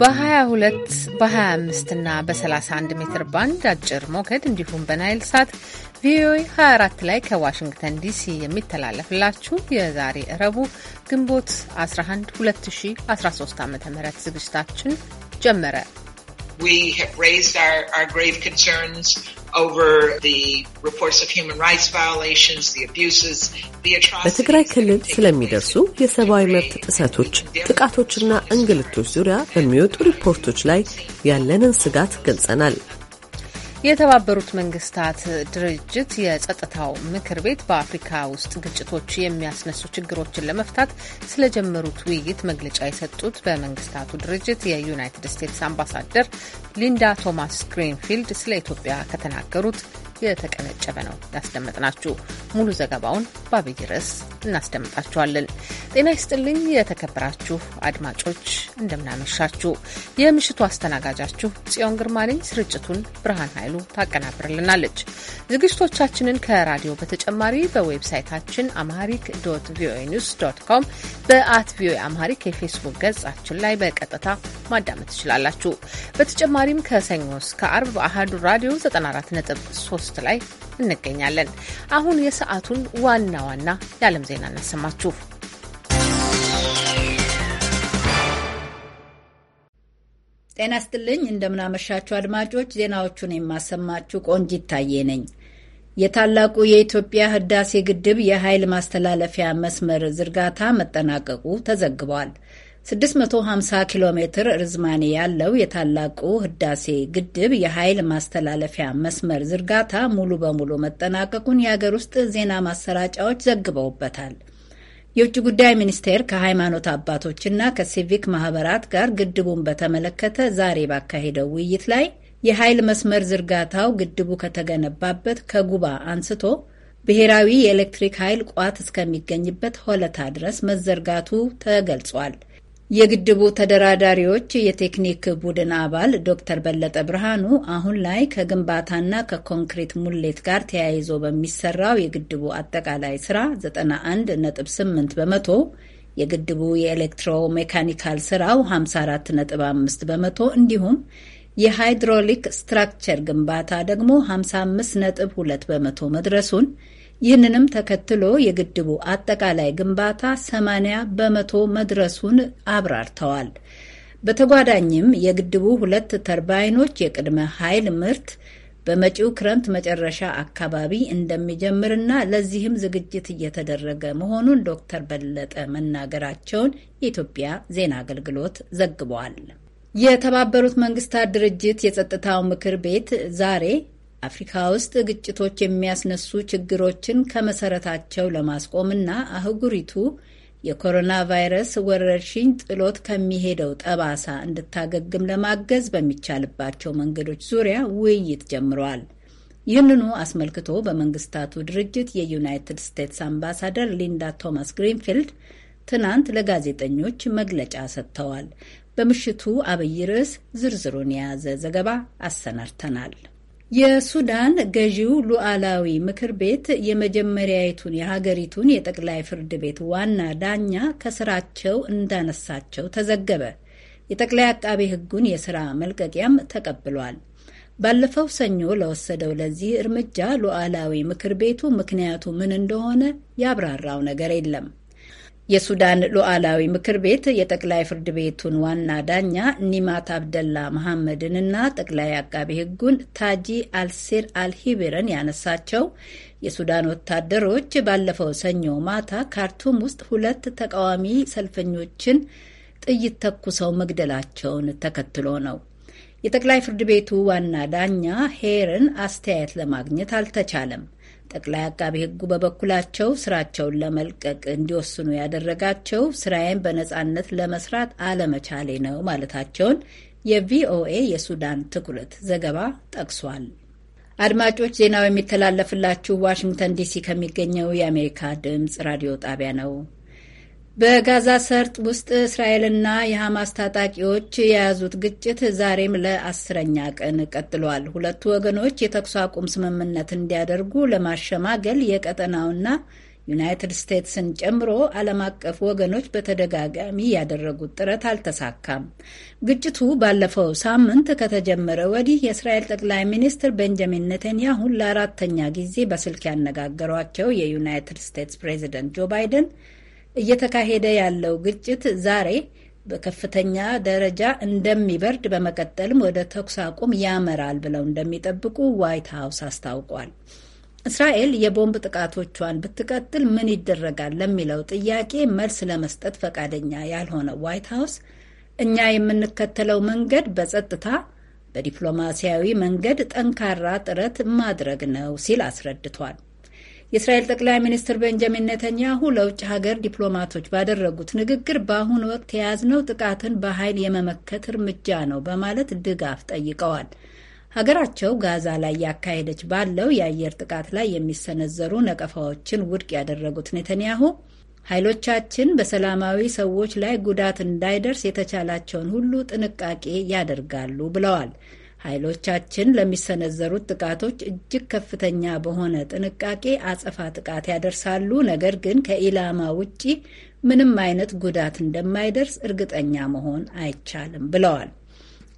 በ22 በ25 እና በ31 ሜትር ባንድ አጭር ሞገድ እንዲሁም በናይል ሳት ቪኦኤ 24 ላይ ከዋሽንግተን ዲሲ የሚተላለፍላችሁ የዛሬ እረቡ ግንቦት 11 2013 ዓ ም ዝግጅታችን ጀመረ። We have raised our, our grave concerns በትግራይ ክልል ስለሚደርሱ የሰብአዊ መብት ጥሰቶች፣ ጥቃቶችና እንግልቶች ዙሪያ በሚወጡ ሪፖርቶች ላይ ያለንን ስጋት ገልጸናል። የተባበሩት መንግስታት ድርጅት የጸጥታው ምክር ቤት በአፍሪካ ውስጥ ግጭቶች የሚያስነሱ ችግሮችን ለመፍታት ስለጀመሩት ውይይት መግለጫ የሰጡት በመንግስታቱ ድርጅት የዩናይትድ ስቴትስ አምባሳደር ሊንዳ ቶማስ ግሪንፊልድ ስለ ኢትዮጵያ ከተናገሩት የተቀነጨበ ነው ያስደመጥናችሁ። ሙሉ ዘገባውን በአብይ ርዕስ እናስደምጣችኋለን። ጤና ይስጥልኝ የተከበራችሁ አድማጮች፣ እንደምናመሻችሁ። የምሽቱ አስተናጋጃችሁ ጽዮን ግርማ ነኝ። ስርጭቱን ብርሃን ኃይሉ ታቀናብርልናለች። ዝግጅቶቻችንን ከራዲዮ በተጨማሪ በዌብሳይታችን አማሪክ ዶት ቪኦኤ ኒውስ ዶት ኮም፣ በአት ቪኦኤ አማሪክ የፌስቡክ ገጻችን ላይ በቀጥታ ማዳመጥ ትችላላችሁ። በተጨማሪም ከሰኞ እስከ አርብ በአህዱ ራዲዮ 94.3 3 ላይ እንገኛለን። አሁን የሰዓቱን ዋና ዋና የዓለም ዜና እናሰማችሁ። ጤና ይስጥልኝ፣ እንደምናመሻችሁ አድማጮች። ዜናዎቹን የማሰማችሁ ቆንጅ ይታየ ነኝ። የታላቁ የኢትዮጵያ ህዳሴ ግድብ የኃይል ማስተላለፊያ መስመር ዝርጋታ መጠናቀቁ ተዘግቧል። 650 ኪሎ ሜትር ርዝማኔ ያለው የታላቁ ህዳሴ ግድብ የኃይል ማስተላለፊያ መስመር ዝርጋታ ሙሉ በሙሉ መጠናቀቁን የሀገር ውስጥ ዜና ማሰራጫዎች ዘግበውበታል። የውጭ ጉዳይ ሚኒስቴር ከሃይማኖት አባቶችና ከሲቪክ ማህበራት ጋር ግድቡን በተመለከተ ዛሬ ባካሄደው ውይይት ላይ የኃይል መስመር ዝርጋታው ግድቡ ከተገነባበት ከጉባ አንስቶ ብሔራዊ የኤሌክትሪክ ኃይል ቋት እስከሚገኝበት ሆለታ ድረስ መዘርጋቱ ተገልጿል። የግድቡ ተደራዳሪዎች የቴክኒክ ቡድን አባል ዶክተር በለጠ ብርሃኑ አሁን ላይ ከግንባታና ከኮንክሪት ሙሌት ጋር ተያይዞ በሚሰራው የግድቡ አጠቃላይ ስራ 91.8 በመቶ፣ የግድቡ ስራው 54 ስራው 54.5 በመቶ እንዲሁም የሃይድሮሊክ ስትራክቸር ግንባታ ደግሞ 55.2 በመቶ መድረሱን ይህንንም ተከትሎ የግድቡ አጠቃላይ ግንባታ 80 በመቶ መድረሱን አብራርተዋል። በተጓዳኝም የግድቡ ሁለት ተርባይኖች የቅድመ ኃይል ምርት በመጪው ክረምት መጨረሻ አካባቢ እንደሚጀምርና ለዚህም ዝግጅት እየተደረገ መሆኑን ዶክተር በለጠ መናገራቸውን የኢትዮጵያ ዜና አገልግሎት ዘግቧል። የተባበሩት መንግስታት ድርጅት የጸጥታው ምክር ቤት ዛሬ አፍሪካ ውስጥ ግጭቶች የሚያስነሱ ችግሮችን ከመሰረታቸው ለማስቆምና አህጉሪቱ የኮሮና ቫይረስ ወረርሽኝ ጥሎት ከሚሄደው ጠባሳ እንድታገግም ለማገዝ በሚቻልባቸው መንገዶች ዙሪያ ውይይት ጀምረዋል። ይህንኑ አስመልክቶ በመንግስታቱ ድርጅት የዩናይትድ ስቴትስ አምባሳደር ሊንዳ ቶማስ ግሪንፊልድ ትናንት ለጋዜጠኞች መግለጫ ሰጥተዋል። በምሽቱ አብይ ርዕስ ዝርዝሩን የያዘ ዘገባ አሰናድተናል። የሱዳን ገዢው ሉዓላዊ ምክር ቤት የመጀመሪያይቱን የሀገሪቱን የጠቅላይ ፍርድ ቤት ዋና ዳኛ ከስራቸው እንዳነሳቸው ተዘገበ። የጠቅላይ አቃቤ ሕጉን የስራ መልቀቂያም ተቀብሏል። ባለፈው ሰኞ ለወሰደው ለዚህ እርምጃ ሉዓላዊ ምክር ቤቱ ምክንያቱ ምን እንደሆነ ያብራራው ነገር የለም። የሱዳን ሉዓላዊ ምክር ቤት የጠቅላይ ፍርድ ቤቱን ዋና ዳኛ ኒማት አብደላ መሐመድንና ጠቅላይ አቃቤ ሕጉን ታጂ አልሲር አልሂብርን ያነሳቸው የሱዳን ወታደሮች ባለፈው ሰኞ ማታ ካርቱም ውስጥ ሁለት ተቃዋሚ ሰልፈኞችን ጥይት ተኩሰው መግደላቸውን ተከትሎ ነው። የጠቅላይ ፍርድ ቤቱ ዋና ዳኛ ሄርን አስተያየት ለማግኘት አልተቻለም። ጠቅላይ አቃቢ ሕጉ በበኩላቸው ስራቸውን ለመልቀቅ እንዲወስኑ ያደረጋቸው ስራዬን በነጻነት ለመስራት አለመቻሌ ነው ማለታቸውን የቪኦኤ የሱዳን ትኩረት ዘገባ ጠቅሷል። አድማጮች፣ ዜናው የሚተላለፍላችሁ ዋሽንግተን ዲሲ ከሚገኘው የአሜሪካ ድምፅ ራዲዮ ጣቢያ ነው። በጋዛ ሰርጥ ውስጥ እስራኤልና የሐማስ ታጣቂዎች የያዙት ግጭት ዛሬም ለአስረኛ ቀን ቀጥሏል። ሁለቱ ወገኖች የተኩስ አቁም ስምምነት እንዲያደርጉ ለማሸማገል የቀጠናውና ዩናይትድ ስቴትስን ጨምሮ ዓለም አቀፍ ወገኖች በተደጋጋሚ ያደረጉት ጥረት አልተሳካም። ግጭቱ ባለፈው ሳምንት ከተጀመረ ወዲህ የእስራኤል ጠቅላይ ሚኒስትር ቤንጃሚን ኔተንያሁን ለአራተኛ ጊዜ በስልክ ያነጋገሯቸው የዩናይትድ ስቴትስ ፕሬዚደንት ጆ ባይደን እየተካሄደ ያለው ግጭት ዛሬ በከፍተኛ ደረጃ እንደሚበርድ በመቀጠልም ወደ ተኩስ አቁም ያመራል ብለው እንደሚጠብቁ ዋይት ሀውስ አስታውቋል። እስራኤል የቦምብ ጥቃቶቿን ብትቀጥል ምን ይደረጋል ለሚለው ጥያቄ መልስ ለመስጠት ፈቃደኛ ያልሆነ ዋይት ሀውስ እኛ የምንከተለው መንገድ በጸጥታ በዲፕሎማሲያዊ መንገድ ጠንካራ ጥረት ማድረግ ነው ሲል አስረድቷል። የእስራኤል ጠቅላይ ሚኒስትር ቤንጃሚን ኔተንያሁ ለውጭ ሀገር ዲፕሎማቶች ባደረጉት ንግግር በአሁኑ ወቅት የያዝነው ጥቃትን በኃይል የመመከት እርምጃ ነው በማለት ድጋፍ ጠይቀዋል። ሀገራቸው ጋዛ ላይ ያካሄደች ባለው የአየር ጥቃት ላይ የሚሰነዘሩ ነቀፋዎችን ውድቅ ያደረጉት ኔተንያሁ ኃይሎቻችን በሰላማዊ ሰዎች ላይ ጉዳት እንዳይደርስ የተቻላቸውን ሁሉ ጥንቃቄ ያደርጋሉ ብለዋል። ኃይሎቻችን ለሚሰነዘሩት ጥቃቶች እጅግ ከፍተኛ በሆነ ጥንቃቄ አጸፋ ጥቃት ያደርሳሉ፣ ነገር ግን ከኢላማ ውጪ ምንም አይነት ጉዳት እንደማይደርስ እርግጠኛ መሆን አይቻልም ብለዋል።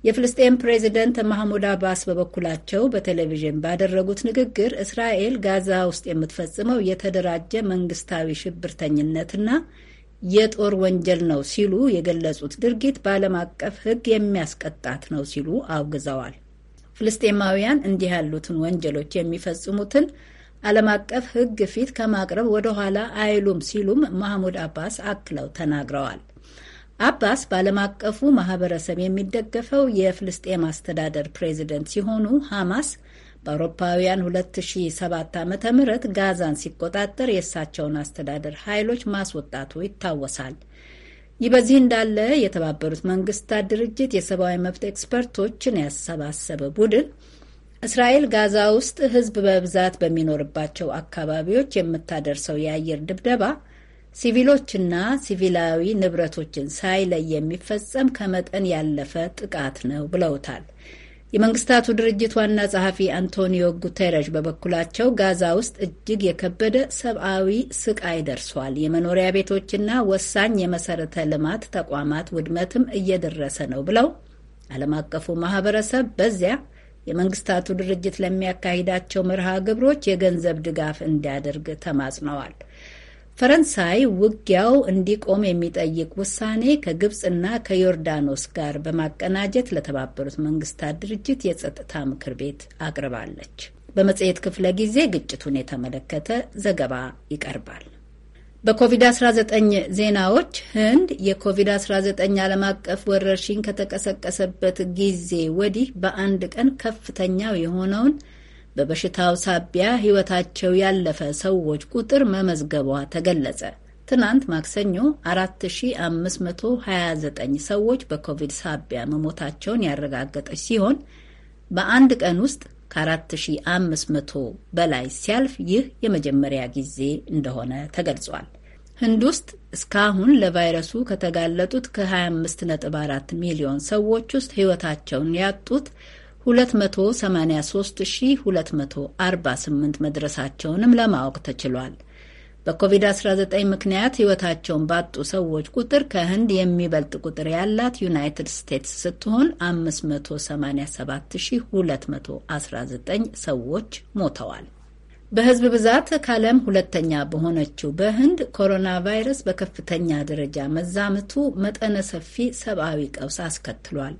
የፍልስጤም ፕሬዚደንት ማህሙድ አባስ በበኩላቸው በቴሌቪዥን ባደረጉት ንግግር እስራኤል ጋዛ ውስጥ የምትፈጽመው የተደራጀ መንግስታዊ ሽብርተኝነትና የጦር ወንጀል ነው ሲሉ የገለጹት ድርጊት በዓለም አቀፍ ሕግ የሚያስቀጣት ነው ሲሉ አውግዘዋል። ፍልስጤማውያን እንዲህ ያሉትን ወንጀሎች የሚፈጽሙትን ዓለም አቀፍ ሕግ ፊት ከማቅረብ ወደኋላ አይሉም ሲሉም ማህሙድ አባስ አክለው ተናግረዋል። አባስ በዓለም አቀፉ ማህበረሰብ የሚደገፈው የፍልስጤም አስተዳደር ፕሬዚደንት ሲሆኑ ሐማስ በአውሮፓውያን 2007 ዓ ም ጋዛን ሲቆጣጠር የእሳቸውን አስተዳደር ኃይሎች ማስወጣቱ ይታወሳል። ይህ በዚህ እንዳለ የተባበሩት መንግስታት ድርጅት የሰብአዊ መብት ኤክስፐርቶችን ያሰባሰበ ቡድን እስራኤል ጋዛ ውስጥ ሕዝብ በብዛት በሚኖርባቸው አካባቢዎች የምታደርሰው የአየር ድብደባ ሲቪሎችና ሲቪላዊ ንብረቶችን ሳይለይ የሚፈጸም ከመጠን ያለፈ ጥቃት ነው ብለውታል። የመንግስታቱ ድርጅት ዋና ጸሐፊ አንቶኒዮ ጉተረሽ በበኩላቸው ጋዛ ውስጥ እጅግ የከበደ ሰብአዊ ስቃይ ደርሷል፣ የመኖሪያ ቤቶችና ወሳኝ የመሰረተ ልማት ተቋማት ውድመትም እየደረሰ ነው ብለው ዓለም አቀፉ ማህበረሰብ በዚያ የመንግስታቱ ድርጅት ለሚያካሂዳቸው መርሃ ግብሮች የገንዘብ ድጋፍ እንዲያደርግ ተማጽነዋል። ፈረንሳይ ውጊያው እንዲቆም የሚጠይቅ ውሳኔ ከግብፅና ከዮርዳኖስ ጋር በማቀናጀት ለተባበሩት መንግስታት ድርጅት የጸጥታ ምክር ቤት አቅርባለች። በመጽሔት ክፍለ ጊዜ ግጭቱን የተመለከተ ዘገባ ይቀርባል። በኮቪድ-19 ዜናዎች ህንድ የኮቪድ-19 ዓለም አቀፍ ወረርሽኝ ከተቀሰቀሰበት ጊዜ ወዲህ በአንድ ቀን ከፍተኛው የሆነውን በበሽታው ሳቢያ ሕይወታቸው ያለፈ ሰዎች ቁጥር መመዝገቧ ተገለጸ። ትናንት ማክሰኞ 4529 ሰዎች በኮቪድ ሳቢያ መሞታቸውን ያረጋገጠች ሲሆን በአንድ ቀን ውስጥ ከ4500 በላይ ሲያልፍ ይህ የመጀመሪያ ጊዜ እንደሆነ ተገልጿል። ህንድ ውስጥ እስካሁን ለቫይረሱ ከተጋለጡት ከ25.4 ሚሊዮን ሰዎች ውስጥ ሕይወታቸውን ያጡት 283248 መድረሳቸውንም ለማወቅ ተችሏል። በኮቪድ-19 ምክንያት ሕይወታቸውን ባጡ ሰዎች ቁጥር ከህንድ የሚበልጥ ቁጥር ያላት ዩናይትድ ስቴትስ ስትሆን 587219 ሰዎች ሞተዋል። በህዝብ ብዛት ከዓለም ሁለተኛ በሆነችው በህንድ ኮሮና ቫይረስ በከፍተኛ ደረጃ መዛመቱ መጠነ ሰፊ ሰብአዊ ቀውስ አስከትሏል።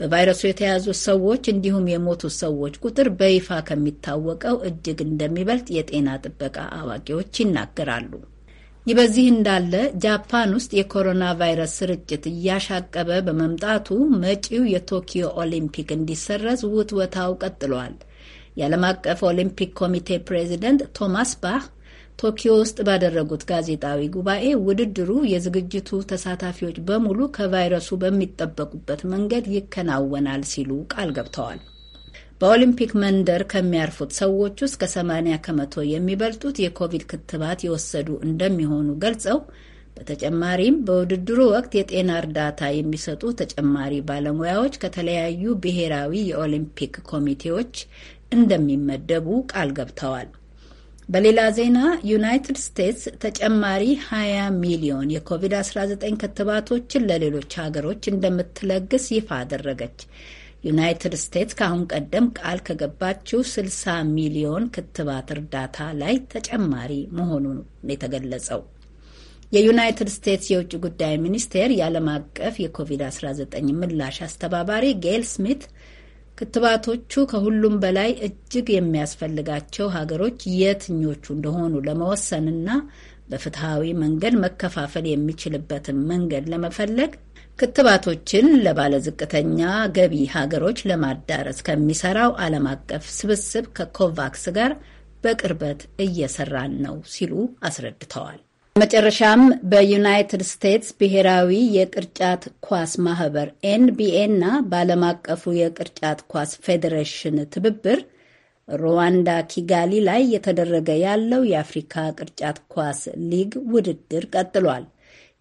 በቫይረሱ የተያዙ ሰዎች እንዲሁም የሞቱ ሰዎች ቁጥር በይፋ ከሚታወቀው እጅግ እንደሚበልጥ የጤና ጥበቃ አዋቂዎች ይናገራሉ። ይህ በዚህ እንዳለ ጃፓን ውስጥ የኮሮና ቫይረስ ስርጭት እያሻቀበ በመምጣቱ መጪው የቶኪዮ ኦሊምፒክ እንዲሰረዝ ውትወታው ቀጥሏል። የዓለም አቀፍ ኦሊምፒክ ኮሚቴ ፕሬዚደንት ቶማስ ባህ ቶኪዮ ውስጥ ባደረጉት ጋዜጣዊ ጉባኤ ውድድሩ የዝግጅቱ ተሳታፊዎች በሙሉ ከቫይረሱ በሚጠበቁበት መንገድ ይከናወናል ሲሉ ቃል ገብተዋል። በኦሊምፒክ መንደር ከሚያርፉት ሰዎች ውስጥ ከ80 ከመቶ የሚበልጡት የኮቪድ ክትባት የወሰዱ እንደሚሆኑ ገልጸው በተጨማሪም በውድድሩ ወቅት የጤና እርዳታ የሚሰጡ ተጨማሪ ባለሙያዎች ከተለያዩ ብሔራዊ የኦሊምፒክ ኮሚቴዎች እንደሚመደቡ ቃል ገብተዋል። በሌላ ዜና ዩናይትድ ስቴትስ ተጨማሪ 20 ሚሊዮን የኮቪድ-19 ክትባቶችን ለሌሎች ሀገሮች እንደምትለግስ ይፋ አደረገች። ዩናይትድ ስቴትስ ከአሁን ቀደም ቃል ከገባችው 60 ሚሊዮን ክትባት እርዳታ ላይ ተጨማሪ መሆኑን የተገለጸው የዩናይትድ ስቴትስ የውጭ ጉዳይ ሚኒስቴር የዓለም አቀፍ የኮቪድ-19 ምላሽ አስተባባሪ ጌል ስሚት ክትባቶቹ ከሁሉም በላይ እጅግ የሚያስፈልጋቸው ሀገሮች የትኞቹ እንደሆኑ ለመወሰንና በፍትሐዊ መንገድ መከፋፈል የሚችልበትን መንገድ ለመፈለግ ክትባቶችን ለባለዝቅተኛ ገቢ ሀገሮች ለማዳረስ ከሚሰራው ዓለም አቀፍ ስብስብ ከኮቫክስ ጋር በቅርበት እየሰራን ነው ሲሉ አስረድተዋል። መጨረሻም በዩናይትድ ስቴትስ ብሔራዊ የቅርጫት ኳስ ማህበር ኤንቢኤ እና በዓለም አቀፉ የቅርጫት ኳስ ፌዴሬሽን ትብብር ሩዋንዳ ኪጋሊ ላይ የተደረገ ያለው የአፍሪካ ቅርጫት ኳስ ሊግ ውድድር ቀጥሏል።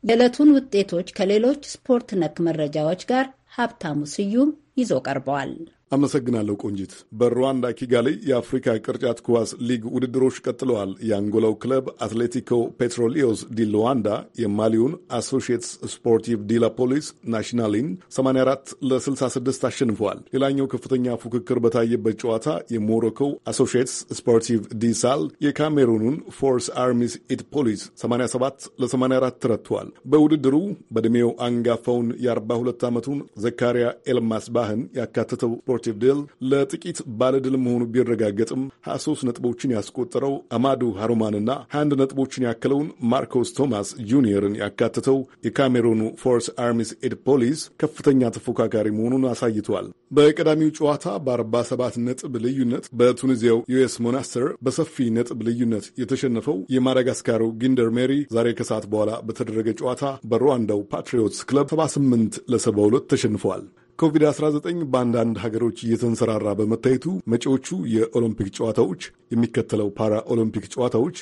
የዕለቱን ውጤቶች ከሌሎች ስፖርት ነክ መረጃዎች ጋር ሀብታሙ ስዩም ይዞ ቀርበዋል። አመሰግናለሁ ቆንጂት። በሩዋንዳ ኪጋሊ የአፍሪካ ቅርጫት ኳስ ሊግ ውድድሮች ቀጥለዋል። የአንጎላው ክለብ አትሌቲኮ ፔትሮሊዮስ ዲ ሉዋንዳ የማሊውን አሶሺየትስ ስፖርቲቭ ዲላፖሊስ ናሽናሊን 84 ለ66 አሸንፈዋል። ሌላኛው ከፍተኛ ፉክክር በታየበት ጨዋታ የሞሮኮው አሶሺየትስ ስፖርቲቭ ዲሳል የካሜሩኑን ፎርስ አርሚስ ኢት ፖሊስ 87 ለ84 ተረትተዋል። በውድድሩ በዕድሜው አንጋፋውን የ42 ዓመቱን ዘካሪያ ኤልማስ ባህን ያካተተው ስፖርቲቭ ለጥቂት ባለድል መሆኑ ቢረጋገጥም 23 ነጥቦችን ያስቆጠረው አማዱ ሃሮማንና 21 ነጥቦችን ያከለውን ማርኮስ ቶማስ ጁኒየርን ያካተተው የካሜሮኑ ፎርስ አርሚስ ኤድ ፖሊስ ከፍተኛ ተፎካካሪ መሆኑን አሳይቷል። በቀዳሚው ጨዋታ በ47 ነጥብ ልዩነት በቱኒዚያው ዩኤስ ሞናስተር በሰፊ ነጥብ ልዩነት የተሸነፈው የማዳጋስካሩ ጊንደር ሜሪ ዛሬ ከሰዓት በኋላ በተደረገ ጨዋታ በሩዋንዳው ፓትሪዮትስ ክለብ 78 ለ72 ተሸንፏል። ኮቪድ-19 በአንዳንድ ሀገሮች እየተንሰራራ በመታየቱ መጪዎቹ የኦሎምፒክ ጨዋታዎች የሚከተለው ፓራ ኦሎምፒክ ጨዋታዎች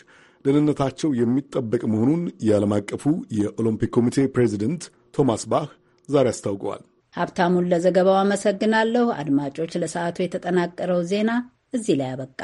ደህንነታቸው የሚጠበቅ መሆኑን የዓለም አቀፉ የኦሎምፒክ ኮሚቴ ፕሬዚደንት ቶማስ ባህ ዛሬ አስታውቀዋል። ሀብታሙን ለዘገባው አመሰግናለሁ። አድማጮች፣ ለሰዓቱ የተጠናቀረው ዜና እዚህ ላይ አበቃ።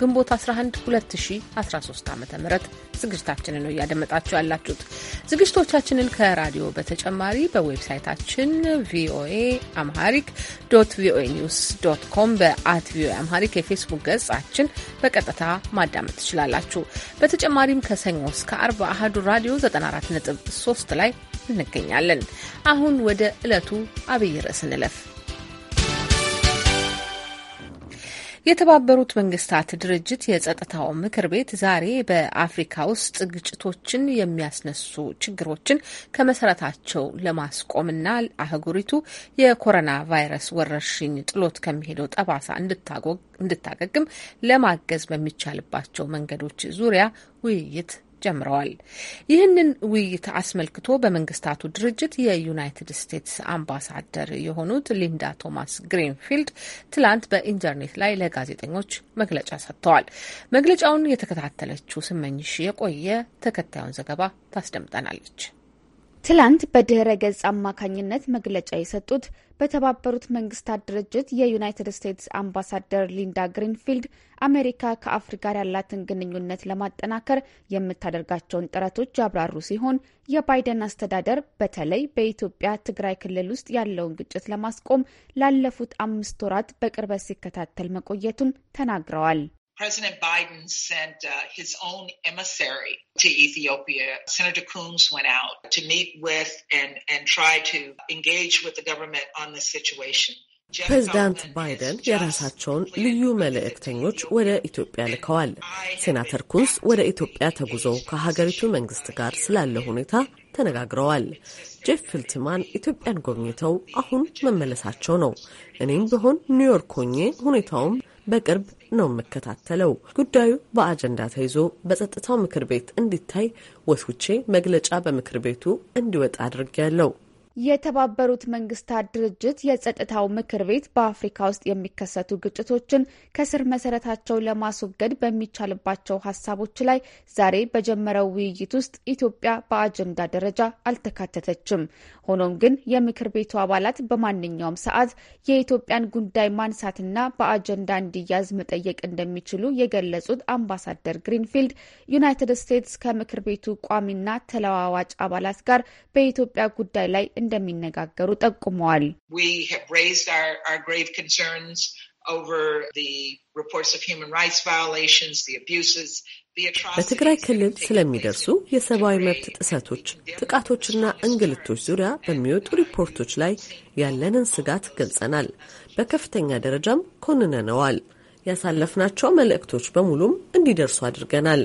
ግንቦት 11 2013 ዓ ም ዝግጅታችንን ነው እያደመጣችሁ ያላችሁት። ዝግጅቶቻችንን ከራዲዮ በተጨማሪ በዌብሳይታችን ቪኦኤ አምሃሪክ ዶት ቪኦኤ ኒውስ ዶት ኮም በአት ቪኦኤ አምሃሪክ የፌስቡክ ገጻችን በቀጥታ ማዳመጥ ትችላላችሁ። በተጨማሪም ከሰኞ እስከ አርብ አህዱ ራዲዮ 94.3 ላይ እንገኛለን። አሁን ወደ ዕለቱ አብይ ርዕስ እንለፍ። የተባበሩት መንግስታት ድርጅት የጸጥታው ምክር ቤት ዛሬ በአፍሪካ ውስጥ ግጭቶችን የሚያስነሱ ችግሮችን ከመሰረታቸው ለማስቆምና አህጉሪቱ የኮሮና ቫይረስ ወረርሽኝ ጥሎት ከሚሄደው ጠባሳ እንድታገግም ለማገዝ በሚቻልባቸው መንገዶች ዙሪያ ውይይት ጀምረዋል። ይህንን ውይይት አስመልክቶ በመንግስታቱ ድርጅት የዩናይትድ ስቴትስ አምባሳደር የሆኑት ሊንዳ ቶማስ ግሪንፊልድ ትላንት በኢንተርኔት ላይ ለጋዜጠኞች መግለጫ ሰጥተዋል። መግለጫውን የተከታተለችው ስመኝሽ የቆየ ተከታዩን ዘገባ ታስደምጠናለች። ትላንት በድህረ ገጽ አማካኝነት መግለጫ የሰጡት በተባበሩት መንግስታት ድርጅት የዩናይትድ ስቴትስ አምባሳደር ሊንዳ ግሪንፊልድ አሜሪካ ከአፍሪካ ጋር ያላትን ግንኙነት ለማጠናከር የምታደርጋቸውን ጥረቶች ያብራሩ ሲሆን የባይደን አስተዳደር በተለይ በኢትዮጵያ ትግራይ ክልል ውስጥ ያለውን ግጭት ለማስቆም ላለፉት አምስት ወራት በቅርበት ሲከታተል መቆየቱን ተናግረዋል። President Biden sent uh, his own emissary to Ethiopia. Senator Coons went out to meet with and, and try to engage with the government on the situation. ፕሬዚዳንት ባይደን የራሳቸውን ልዩ መልእክተኞች ወደ ኢትዮጵያ ልከዋል። ሴናተር ኩንስ ወደ ኢትዮጵያ ተጉዞ ከሀገሪቱ መንግስት ጋር ስላለ ሁኔታ ተነጋግረዋል። ጄፍ ፊልትማን ኢትዮጵያን ጎብኝተው አሁን መመለሳቸው ነው። እኔም ቢሆን ኒውዮርክ ሆኜ ሁኔታውም በቅርብ ነው የምከታተለው። ጉዳዩ በአጀንዳ ተይዞ በጸጥታው ምክር ቤት እንዲታይ ወስውቼ መግለጫ በምክር ቤቱ እንዲወጣ አድርጌያለሁ። የተባበሩት መንግስታት ድርጅት የጸጥታው ምክር ቤት በአፍሪካ ውስጥ የሚከሰቱ ግጭቶችን ከስር መሰረታቸው ለማስወገድ በሚቻልባቸው ሀሳቦች ላይ ዛሬ በጀመረው ውይይት ውስጥ ኢትዮጵያ በአጀንዳ ደረጃ አልተካተተችም። ሆኖም ግን የምክር ቤቱ አባላት በማንኛውም ሰዓት የኢትዮጵያን ጉዳይ ማንሳትና በአጀንዳ እንዲያዝ መጠየቅ እንደሚችሉ የገለጹት አምባሳደር ግሪንፊልድ ዩናይትድ ስቴትስ ከምክር ቤቱ ቋሚና ተለዋዋጭ አባላት ጋር በኢትዮጵያ ጉዳይ ላይ እንደሚነጋገሩ ጠቁመዋል። over the reports of human rights violations, the abuses በትግራይ ክልል ስለሚደርሱ የሰብአዊ መብት ጥሰቶች፣ ጥቃቶችና እንግልቶች ዙሪያ በሚወጡ ሪፖርቶች ላይ ያለንን ስጋት ገልጸናል። በከፍተኛ ደረጃም ኮንነነዋል። ያሳለፍናቸው መልእክቶች በሙሉም እንዲደርሱ አድርገናል።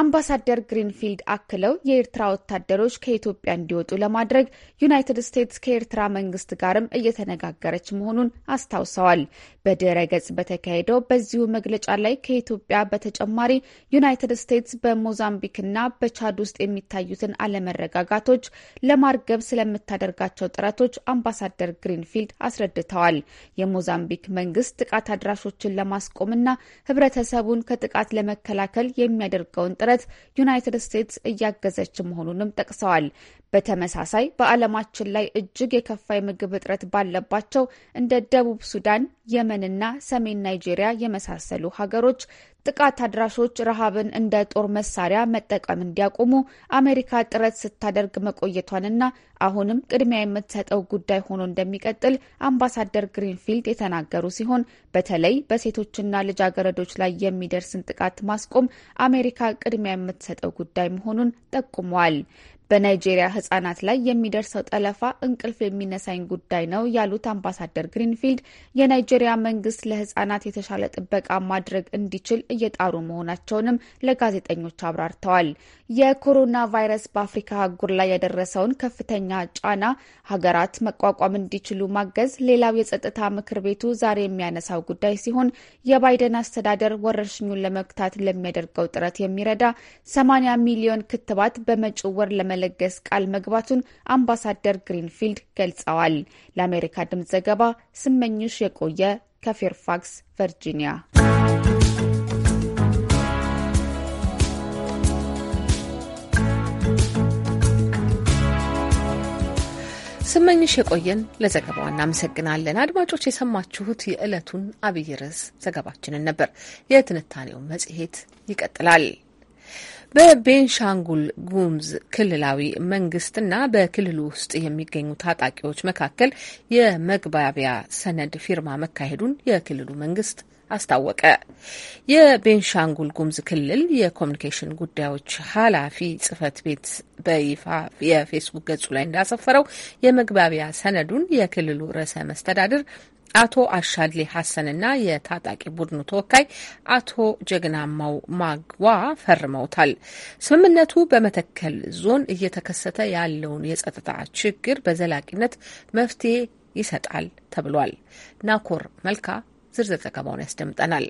አምባሳደር ግሪንፊልድ አክለው የኤርትራ ወታደሮች ከኢትዮጵያ እንዲወጡ ለማድረግ ዩናይትድ ስቴትስ ከኤርትራ መንግስት ጋርም እየተነጋገረች መሆኑን አስታውሰዋል። በድረ ገጽ በተካሄደው በዚሁ መግለጫ ላይ ከኢትዮጵያ በተጨማሪ ዩናይትድ ስቴትስ በሞዛምቢክና በቻድ ውስጥ የሚታዩትን አለመረጋጋቶች ለማርገብ ስለምታደርጋቸው ጥረቶች አምባሳደር ግሪንፊልድ አስረድተዋል። የሞዛምቢክ መንግስት ጥቃት አድራሾችን ለማስቆምና ህብረተሰቡን ከጥቃት ለመከላከል የሚያደርገውን ጥረት ዩናይትድ ስቴትስ እያገዘች መሆኑንም ጠቅሰዋል። በተመሳሳይ በዓለማችን ላይ እጅግ የከፋ የምግብ እጥረት ባለባቸው እንደ ደቡብ ሱዳን፣ የመንና ሰሜን ናይጄሪያ የመሳሰሉ ሀገሮች ጥቃት አድራሾች ረሃብን እንደ ጦር መሳሪያ መጠቀም እንዲያቆሙ አሜሪካ ጥረት ስታደርግ መቆየቷንና አሁንም ቅድሚያ የምትሰጠው ጉዳይ ሆኖ እንደሚቀጥል አምባሳደር ግሪንፊልድ የተናገሩ ሲሆን በተለይ በሴቶችና ልጃገረዶች ላይ የሚደርስን ጥቃት ማስቆም አሜሪካ ቅድሚያ የምትሰጠው ጉዳይ መሆኑን ጠቁመዋል። በናይጄሪያ ህጻናት ላይ የሚደርሰው ጠለፋ እንቅልፍ የሚነሳኝ ጉዳይ ነው ያሉት አምባሳደር ግሪንፊልድ የናይጄሪያ መንግስት ለህጻናት የተሻለ ጥበቃ ማድረግ እንዲችል እየጣሩ መሆናቸውንም ለጋዜጠኞች አብራርተዋል። የኮሮና ቫይረስ በአፍሪካ አህጉር ላይ ያደረሰውን ከፍተኛ ጫና ሀገራት መቋቋም እንዲችሉ ማገዝ ሌላው የጸጥታ ምክር ቤቱ ዛሬ የሚያነሳው ጉዳይ ሲሆን የባይደን አስተዳደር ወረርሽኙን ለመግታት ለሚያደርገው ጥረት የሚረዳ 80 ሚሊዮን ክትባት በመጭወር ለመ ለመለገስ ቃል መግባቱን አምባሳደር ግሪንፊልድ ገልጸዋል። ለአሜሪካ ድምፅ ዘገባ ስመኝሽ የቆየ ከፌርፋክስ ቨርጂኒያ። ስመኝሽ የቆየን ለዘገባው እናመሰግናለን። አድማጮች የሰማችሁት የዕለቱን አብይ ርዕስ ዘገባችንን ነበር። የትንታኔው መጽሔት ይቀጥላል። በቤንሻንጉል ጉምዝ ክልላዊ መንግስትና በክልሉ ውስጥ የሚገኙ ታጣቂዎች መካከል የመግባቢያ ሰነድ ፊርማ መካሄዱን የክልሉ መንግስት አስታወቀ። የቤንሻንጉል ጉሙዝ ክልል የኮሚኒኬሽን ጉዳዮች ኃላፊ ጽህፈት ቤት በይፋ የፌስቡክ ገጹ ላይ እንዳሰፈረው የመግባቢያ ሰነዱን የክልሉ ርዕሰ መስተዳድር አቶ አሻድሌ ሀሰንና የታጣቂ ቡድኑ ተወካይ አቶ ጀግናማው ማግዋ ፈርመውታል። ስምምነቱ በመተከል ዞን እየተከሰተ ያለውን የጸጥታ ችግር በዘላቂነት መፍትሄ ይሰጣል ተብሏል። ናኮር መልካ ዝርዝር ዘገባውን ያስደምጠናል።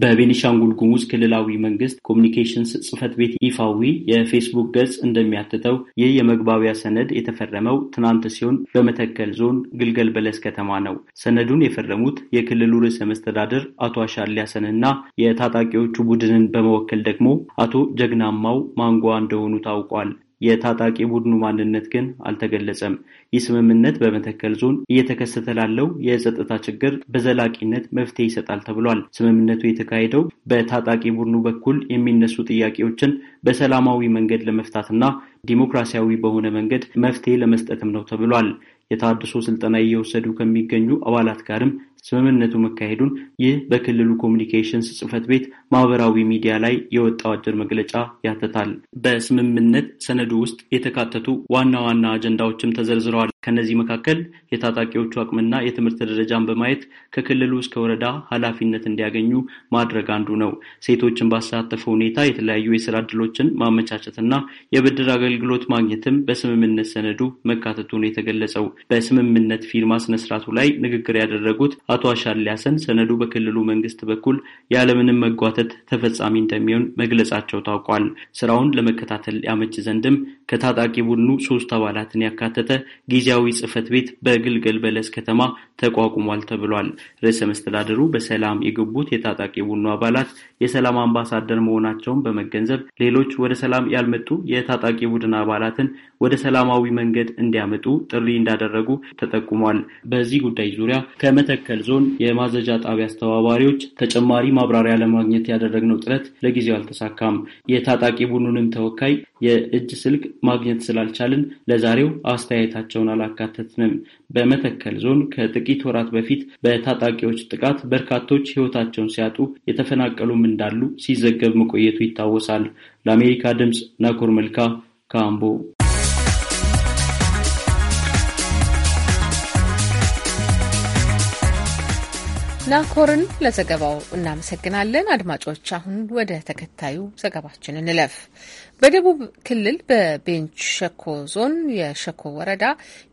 በቤኒሻንጉል ጉሙዝ ክልላዊ መንግስት ኮሚኒኬሽንስ ጽህፈት ቤት ይፋዊ የፌስቡክ ገጽ እንደሚያትተው ይህ የመግባቢያ ሰነድ የተፈረመው ትናንት ሲሆን በመተከል ዞን ግልገል በለስ ከተማ ነው። ሰነዱን የፈረሙት የክልሉ ርዕሰ መስተዳድር አቶ አሻሊያሰንና የታጣቂዎቹ ቡድንን በመወከል ደግሞ አቶ ጀግናማው ማንጓ እንደሆኑ ታውቋል። የታጣቂ ቡድኑ ማንነት ግን አልተገለጸም። ይህ ስምምነት በመተከል ዞን እየተከሰተ ላለው የጸጥታ ችግር በዘላቂነት መፍትሄ ይሰጣል ተብሏል። ስምምነቱ የተካሄደው በታጣቂ ቡድኑ በኩል የሚነሱ ጥያቄዎችን በሰላማዊ መንገድ ለመፍታትና ዲሞክራሲያዊ በሆነ መንገድ መፍትሄ ለመስጠትም ነው ተብሏል። የታድሶ ስልጠና እየወሰዱ ከሚገኙ አባላት ጋርም ስምምነቱ መካሄዱን ይህ በክልሉ ኮሚኒኬሽንስ ጽፈት ቤት ማህበራዊ ሚዲያ ላይ የወጣው አጭር መግለጫ ያተታል። በስምምነት ሰነዱ ውስጥ የተካተቱ ዋና ዋና አጀንዳዎችም ተዘርዝረዋል። ከነዚህ መካከል የታጣቂዎቹ አቅምና የትምህርት ደረጃን በማየት ከክልሉ እስከ ወረዳ ኃላፊነት እንዲያገኙ ማድረግ አንዱ ነው። ሴቶችን ባሳተፈ ሁኔታ የተለያዩ የስራ እድሎችን ማመቻቸትና የብድር አገልግሎት ማግኘትም በስምምነት ሰነዱ መካተቱ ነው የተገለጸው። በስምምነት ፊርማ ስነስርዓቱ ላይ ንግግር ያደረጉት አቶ አሻሊ ሰነዱ በክልሉ መንግስት በኩል ያለምንም መጓተት ተፈጻሚ እንደሚሆን መግለጻቸው ታውቋል። ስራውን ለመከታተል ያመች ዘንድም ከታጣቂ ቡድኑ ሶስት አባላትን ያካተተ ጊዜ ጊዜያዊ ጽፈት ቤት በግልገል በለስ ከተማ ተቋቁሟል ተብሏል። ርዕሰ መስተዳድሩ በሰላም የገቡት የታጣቂ ቡድኑ አባላት የሰላም አምባሳደር መሆናቸውን በመገንዘብ ሌሎች ወደ ሰላም ያልመጡ የታጣቂ ቡድን አባላትን ወደ ሰላማዊ መንገድ እንዲያመጡ ጥሪ እንዳደረጉ ተጠቁሟል። በዚህ ጉዳይ ዙሪያ ከመተከል ዞን የማዘዣ ጣቢያ አስተባባሪዎች ተጨማሪ ማብራሪያ ለማግኘት ያደረግነው ጥረት ለጊዜው አልተሳካም። የታጣቂ ቡድኑንም ተወካይ የእጅ ስልክ ማግኘት ስላልቻልን ለዛሬው አስተያየታቸውን አላካተትንም። በመተከል ዞን ከጥቂት ወራት በፊት በታጣቂዎች ጥቃት በርካቶች ሕይወታቸውን ሲያጡ የተፈናቀሉም እንዳሉ ሲዘገብ መቆየቱ ይታወሳል። ለአሜሪካ ድምፅ ናኮር መልካ ካምቦ። ናኮርን ለዘገባው እናመሰግናለን። አድማጮች፣ አሁን ወደ ተከታዩ ዘገባችን እንለፍ። በደቡብ ክልል በቤንች ሸኮ ዞን የሸኮ ወረዳ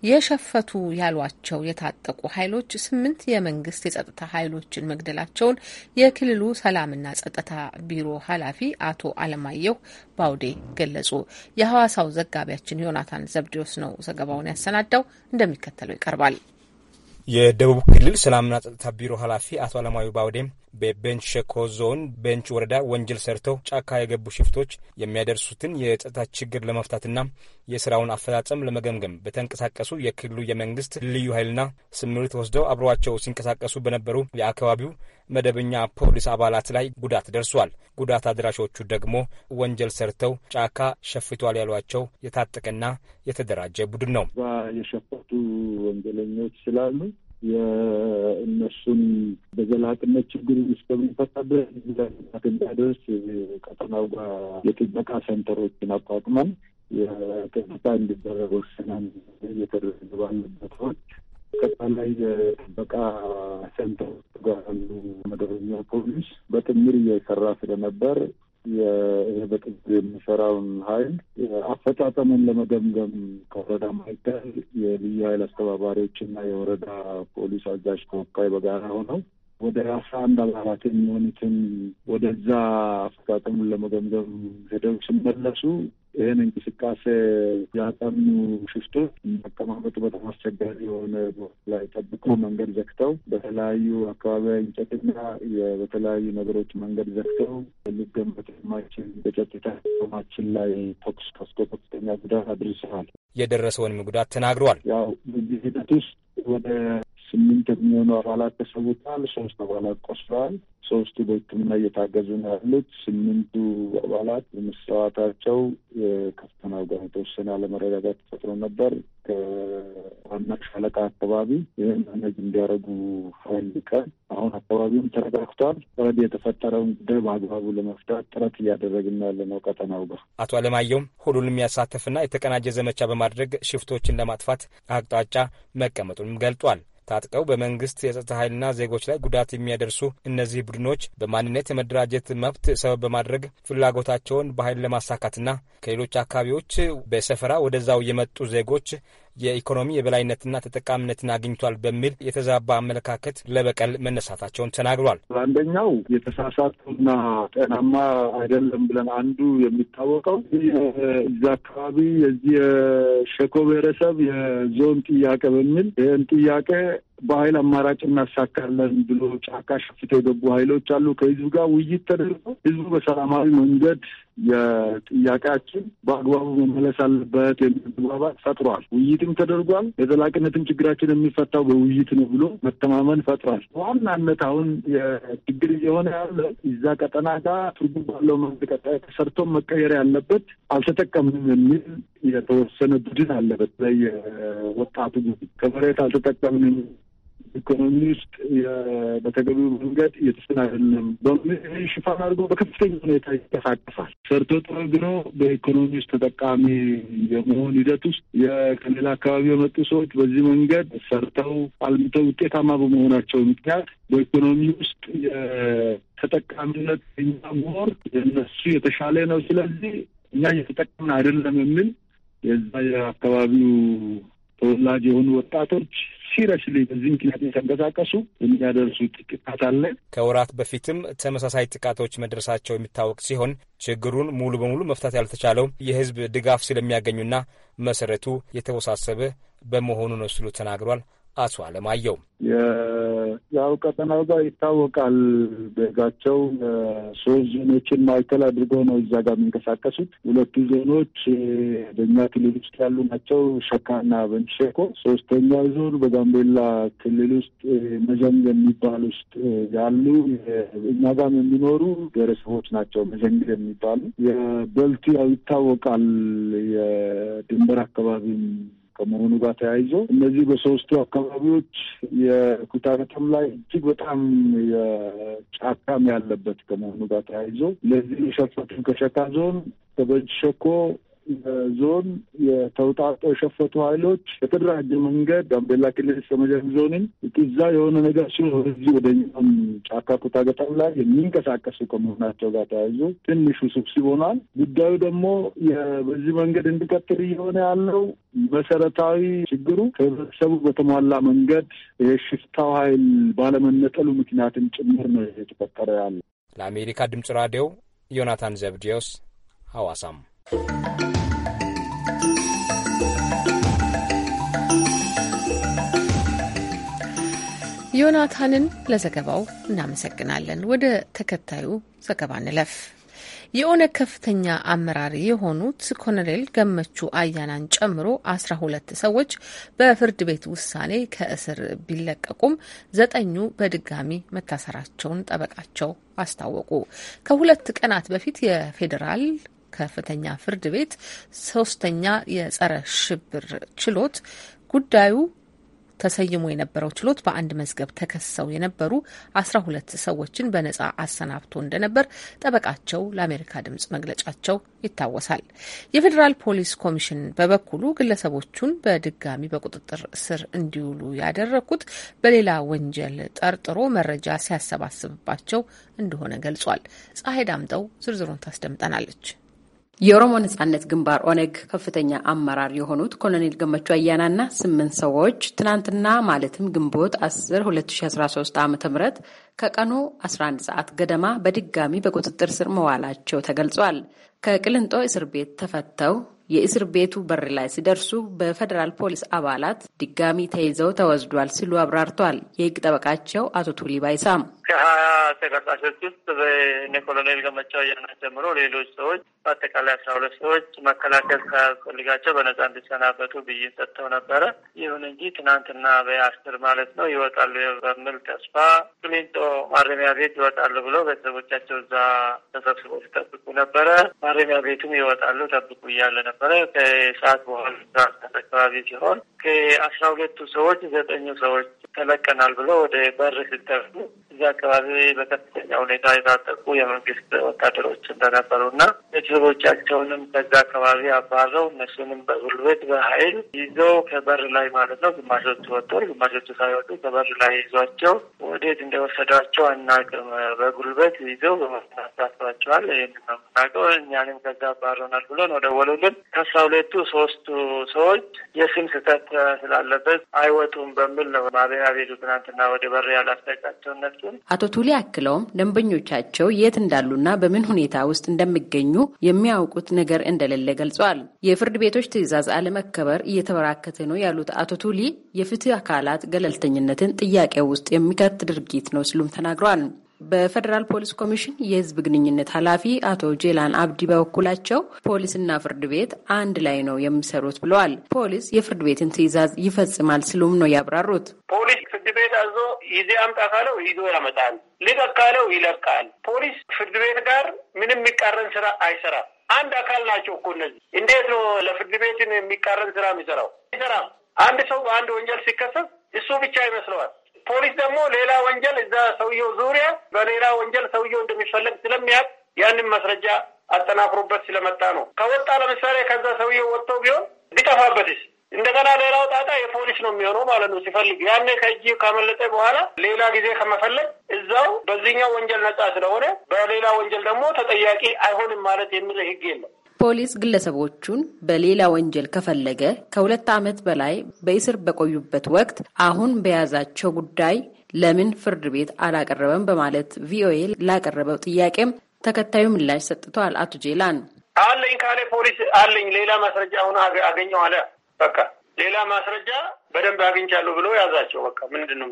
የሸፈቱ ያሏቸው የታጠቁ ኃይሎች ስምንት የመንግስት የጸጥታ ኃይሎችን መግደላቸውን የክልሉ ሰላምና ጸጥታ ቢሮ ኃላፊ አቶ አለማየሁ ባውዴ ገለጹ። የሐዋሳው ዘጋቢያችን ዮናታን ዘብዴዎስ ነው ዘገባውን ያሰናዳው፣ እንደሚከተለው ይቀርባል። የደቡብ ክልል ሰላምና ጸጥታ ቢሮ ኃላፊ አቶ አለማዊ ባውዴም በቤንች ሸኮ ዞን ቤንች ወረዳ ወንጀል ሰርተው ጫካ የገቡ ሽፍቶች የሚያደርሱትን የጸጥታ ችግር ለመፍታትና የስራውን አፈጻጸም ለመገምገም በተንቀሳቀሱ የክልሉ የመንግስት ልዩ ኃይልና ስምሪት ወስደው አብረዋቸው ሲንቀሳቀሱ በነበሩ የአካባቢው መደበኛ ፖሊስ አባላት ላይ ጉዳት ደርሷል። ጉዳት አድራሾቹ ደግሞ ወንጀል ሰርተው ጫካ ሸፍቷል ያሏቸው የታጠቀና የተደራጀ ቡድን ነው። የሸፈቱ ወንጀለኞች ስላሉ የእነሱን በዘላቅነት ችግር እስከምንፈታ ድረስ እንዳደርስ ቀጠናው ጋር የጥበቃ ሴንተሮችን አቋቁመን የከፍታ እንዲደረግ ወስነን እየተደረገ ባለበት ወቅት ቀጣላይ የጥበቃ ሴንተሮች ጋር ያሉ መደበኛ ፖሊስ በጥምር እየሰራ ስለነበር ይህ የሚሰራውን ኃይል አፈጣጠሙን ለመገምገም ከወረዳ ማዕከል የልዩ ኃይል አስተባባሪዎችና የወረዳ ፖሊስ አዛዥ ተወካይ በጋራ ሆነው ወደ አስራ አንድ አባላት የሚሆኑትን ወደዛ አፈጣጠሙን ለመገምገም ሄደው ሲመለሱ ይህን እንቅስቃሴ ያጠኑ ሽፍቶች አቀማመጡ በጣም አስቸጋሪ የሆነ ላይ ጠብቆ መንገድ ዘግተው በተለያዩ አካባቢያዊ እንጨትና በተለያዩ ነገሮች መንገድ ዘግተው ሊገመት ማችን በጨጥታ ማችን ላይ ተኩስ ከፍቶ ከፍተኛ ጉዳት አድርሰዋል። የደረሰውንም ጉዳት ተናግሯል። ያው በዚህ ሂደት ውስጥ ወደ ስምንት የሚሆኑ አባላት ተሰውተዋል። ሶስት አባላት ቆስለዋል። ሶስቱ በሕክምና እየታገዙ ነው ያሉት። ስምንቱ አባላት በመሰዋታቸው ከፍተናው ጋር የተወሰነ አለመረጋጋት ተፈጥሮ ነበር። ከዋና ሻለቃ አካባቢ ይህን ነግ እንዲያደርጉ ኃይል ቀን አሁን አካባቢውም ተረጋግቷል። ረድ የተፈጠረውን ጉዳይ በአግባቡ ለመፍታት ጥረት እያደረግን ነው። ቀጠናው ጋር። አቶ አለማየሁም ሁሉን ያሳተፍና የተቀናጀ ዘመቻ በማድረግ ሽፍቶችን ለማጥፋት አቅጣጫ መቀመጡንም ገልጧል። ታጥቀው በመንግስት የጸጥታ ኃይልና ዜጎች ላይ ጉዳት የሚያደርሱ እነዚህ ቡድኖች በማንነት የመደራጀት መብት ሰበብ በማድረግ ፍላጎታቸውን በኃይል ለማሳካትና ከሌሎች አካባቢዎች በሰፈራ ወደዛው የመጡ ዜጎች የኢኮኖሚ የበላይነትና ተጠቃሚነትን አግኝቷል በሚል የተዛባ አመለካከት ለበቀል መነሳታቸውን ተናግሯል። አንደኛው የተሳሳቱና ጤናማ አይደለም ብለን አንዱ የሚታወቀው እዚ አካባቢ የዚህ የሸኮ ብሔረሰብ የዞን ጥያቄ በሚል ይህን ጥያቄ በኃይል አማራጭ እናሳካለን ብሎ ጫካ ሸፍተው የገቡ ኃይሎች አሉ። ከህዝብ ጋር ውይይት ተደርጎ ህዝቡ በሰላማዊ መንገድ የጥያቄያችን በአግባቡ መመለስ አለበት የሚግባባት ፈጥሯል። ውይይትም ተደርጓል። የዘላቂነትም ችግራችን የሚፈታው በውይይት ነው ብሎ መተማመን ፈጥሯል። በዋናነት አሁን የችግር የሆነ ያለ እዛ ቀጠና ጋር ትርጉም ባለው መንገድ ቀጣይ ተሰርቶ መቀየር ያለበት አልተጠቀምንም የሚል የተወሰነ ቡድን አለ። በተለይ ወጣቱ ቡድን ከመሬት አልተጠቀምንም ኢኮኖሚ ውስጥ በተገቢው መንገድ እየተሰን አይደለም ሽፋን አድርጎ በከፍተኛ ሁኔታ ይንቀሳቀሳል። ሰርቶ ጠግኖ በኢኮኖሚ ውስጥ ተጠቃሚ የመሆን ሂደት ውስጥ ከሌላ አካባቢ የመጡ ሰዎች በዚህ መንገድ ሰርተው አልምተው ውጤታማ በመሆናቸው ምክንያት በኢኮኖሚ ውስጥ ተጠቃሚነት እኛ መኖር የነሱ የተሻለ ነው። ስለዚህ እኛ እየተጠቀምን አይደለም የሚል የዛ የአካባቢው ተወላጅ የሆኑ ወጣቶች ሲረስሊ በዚህ ምክንያት የተንቀሳቀሱ የሚያደርሱት ጥቃት አለ። ከወራት በፊትም ተመሳሳይ ጥቃቶች መድረሳቸው የሚታወቅ ሲሆን ችግሩን ሙሉ በሙሉ መፍታት ያልተቻለው የህዝብ ድጋፍ ስለሚያገኙና መሰረቱ የተወሳሰበ በመሆኑ ነው ሲሉ ተናግሯል። አቶ አለማየሁ የያው ቀጠናው ጋር ይታወቃል። በጋቸው ሶስት ዞኖችን ማዕከል አድርጎ ነው እዛ ጋር የሚንቀሳቀሱት። ሁለቱ ዞኖች በእኛ ክልል ውስጥ ያሉ ናቸው፣ ሸካና በንሸኮ። ሶስተኛው ዞን በጋምቤላ ክልል ውስጥ መዘንግ የሚባል ውስጥ ያሉ እኛ ጋም የሚኖሩ ብሔረሰቦች ናቸው። መዘንግ የሚባሉ የበልቱ ያው ይታወቃል የድንበር አካባቢም ከመሆኑ ጋር ተያይዞ እነዚህ በሶስቱ አካባቢዎች የኩታበተም ላይ እጅግ በጣም የጫካም ያለበት ከመሆኑ ጋር ተያይዞ ለዚህ የሸፈትን ከሸካ ዞን ከበጅ ሸኮ ዞን የተውጣጡ የሸፈቱ ኃይሎች በተደራጀ መንገድ ጋምቤላ ክልል ሰመጀር ዞንን እዛ የሆነ ነገር ሲሆን እዚህ ወደ ጫካ ኩታ ገጠም ላይ የሚንቀሳቀሱ ከመሆናቸው ጋር ተያይዞ ትንሹ ውስብስብ ሆኗል። ጉዳዩ ደግሞ በዚህ መንገድ እንዲቀጥል እየሆነ ያለው መሰረታዊ ችግሩ ከህብረተሰቡ በተሟላ መንገድ የሽፍታው ኃይል ባለመነጠሉ ምክንያትም ጭምር ነው የተፈጠረ ያለ። ለአሜሪካ ድምጽ ራዲዮ ዮናታን ዘብዲዮስ ሐዋሳም ዮናታንን ለዘገባው እናመሰግናለን። ወደ ተከታዩ ዘገባ እንለፍ። የኦነግ ከፍተኛ አመራር የሆኑት ኮሎኔል ገመቹ አያናን ጨምሮ አስራ ሁለት ሰዎች በፍርድ ቤት ውሳኔ ከእስር ቢለቀቁም ዘጠኙ በድጋሚ መታሰራቸውን ጠበቃቸው አስታወቁ። ከሁለት ቀናት በፊት የፌዴራል ከፍተኛ ፍርድ ቤት ሶስተኛ የጸረ ሽብር ችሎት ጉዳዩ ተሰይሞ የነበረው ችሎት በአንድ መዝገብ ተከሰው የነበሩ አስራ ሁለት ሰዎችን በነጻ አሰናብቶ እንደነበር ጠበቃቸው ለአሜሪካ ድምጽ መግለጫቸው ይታወሳል። የፌዴራል ፖሊስ ኮሚሽን በበኩሉ ግለሰቦቹን በድጋሚ በቁጥጥር ስር እንዲውሉ ያደረግኩት በሌላ ወንጀል ጠርጥሮ መረጃ ሲያሰባስብባቸው እንደሆነ ገልጿል። ፀሐይ ዳምጠው ዝርዝሩን ታስደምጠናለች። የኦሮሞ ነጻነት ግንባር ኦነግ ከፍተኛ አመራር የሆኑት ኮሎኔል ገመቹ አያናና ስምንት ሰዎች ትናንትና ማለትም ግንቦት 10 2013 ዓ ም ከቀኑ 11 ሰዓት ገደማ በድጋሚ በቁጥጥር ስር መዋላቸው ተገልጿል። ከቅልንጦ እስር ቤት ተፈተው የእስር ቤቱ በር ላይ ሲደርሱ በፌዴራል ፖሊስ አባላት ድጋሚ ተይዘው ተወስዷል ሲሉ አብራርቷል። የህግ ጠበቃቸው አቶ ቱሊ ባይሳም ከሀያ ተቀጣሾች ውስጥ በእነ ኮሎኔል ገመቻው ወያና ጀምሮ ሌሎች ሰዎች በአጠቃላይ አስራ ሁለት ሰዎች መከላከል ሳያስፈልጋቸው በነጻ እንዲሰናበቱ ብይን ሰጥተው ነበረ። ይሁን እንጂ ትናንትና በአስር ማለት ነው ይወጣሉ በሚል ተስፋ ክሊንጦ ማረሚያ ቤት ይወጣሉ ብለው ቤተሰቦቻቸው እዛ ተሰብስበው ሲጠብቁ ነበረ። ማረሚያ ቤቱም ይወጣሉ ጠብቁ እያለ ነበር ነበረ። ከሰዓት በኋላ አካባቢ ሲሆን ከአስራ ሁለቱ ሰዎች ዘጠኙ ሰዎች ተለቀናል ብለው ወደ በር ሲደርሱ እዚህ አካባቢ በከፍተኛ ሁኔታ የታጠቁ የመንግስት ወታደሮች እንደነበሩ እና ቤተሰቦቻቸውንም ከዛ አካባቢ አባረው እነሱንም በጉልበት በኃይል ይዘው ከበር ላይ ማለት ነው ግማሾቹ ወጥተው ግማሾቹ ሳይወጡ ከበር ላይ ይዟቸው ወዴት እንደወሰዷቸው አናቅም። በጉልበት ይዘው በመሳሳቷቸዋል። ይህን ነው የምናውቀው። እኛንም ከዛ አባረውናል ብሎን ወደ ወሉልን ከአስራ ሁለቱ ሶስቱ ሰዎች የስም ስህተት ስላለበት አይወጡም በሚል ነው ማሪያ ቤቱ ትናንትና ወደ በር ያላስጠቃቸውን ነሱን። አቶ ቱሊ አክለውም ደንበኞቻቸው የት እንዳሉና በምን ሁኔታ ውስጥ እንደሚገኙ የሚያውቁት ነገር እንደሌለ ገልጿል። የፍርድ ቤቶች ትዕዛዝ አለመከበር እየተበራከተ ነው ያሉት አቶ ቱሊ የፍትህ አካላት ገለልተኝነትን ጥያቄ ውስጥ የሚከት ድርጊት ነው ሲሉም ተናግረዋል። በፌዴራል ፖሊስ ኮሚሽን የህዝብ ግንኙነት ኃላፊ አቶ ጄላን አብዲ በበኩላቸው ፖሊስና ፍርድ ቤት አንድ ላይ ነው የሚሰሩት ብለዋል። ፖሊስ የፍርድ ቤትን ትዕዛዝ ይፈጽማል ስሉም ነው ያብራሩት። ፖሊስ ፍርድ ቤት አዞ ይዜ አምጣ ካለው ይዞ ያመጣል፣ ልቀቅ ካለው ይለቃል። ፖሊስ ፍርድ ቤት ጋር ምንም የሚቃረን ስራ አይሰራም። አንድ አካል ናቸው እኮ እነዚህ። እንዴት ነው ለፍርድ ቤትን የሚቃረን ስራ የሚሰራው? አይሰራም። አንድ ሰው በአንድ ወንጀል ሲከሰስ እሱ ብቻ ይመስለዋል። ፖሊስ ደግሞ ሌላ ወንጀል እዛ ሰውየው ዙሪያ በሌላ ወንጀል ሰውየው እንደሚፈለግ ስለሚያውቅ ያንን ማስረጃ አጠናክሮበት ስለመጣ ነው። ከወጣ ለምሳሌ ከዛ ሰውየው ወጥቶ ቢሆን ቢጠፋበትስ እንደገና ሌላው ጣጣ የፖሊስ ነው የሚሆነው ማለት ነው። ሲፈልግ ያኔ ከእጅ ካመለጠ በኋላ ሌላ ጊዜ ከመፈለግ እዛው በዚህኛው ወንጀል ነጻ ስለሆነ በሌላ ወንጀል ደግሞ ተጠያቂ አይሆንም ማለት የሚል ህግ የለም። ፖሊስ ግለሰቦቹን በሌላ ወንጀል ከፈለገ ከሁለት ዓመት በላይ በእስር በቆዩበት ወቅት አሁን በያዛቸው ጉዳይ ለምን ፍርድ ቤት አላቀረበም በማለት ቪኦኤ ላቀረበው ጥያቄም ተከታዩ ምላሽ ሰጥቷል። አቶ ጄላን አለኝ ካለ ፖሊስ አለኝ ሌላ ማስረጃ አሁን አገኘው አለ በቃ ሌላ ማስረጃ በደንብ አግኝቻለሁ ብሎ ያዛቸው። በቃ ምንድን ነው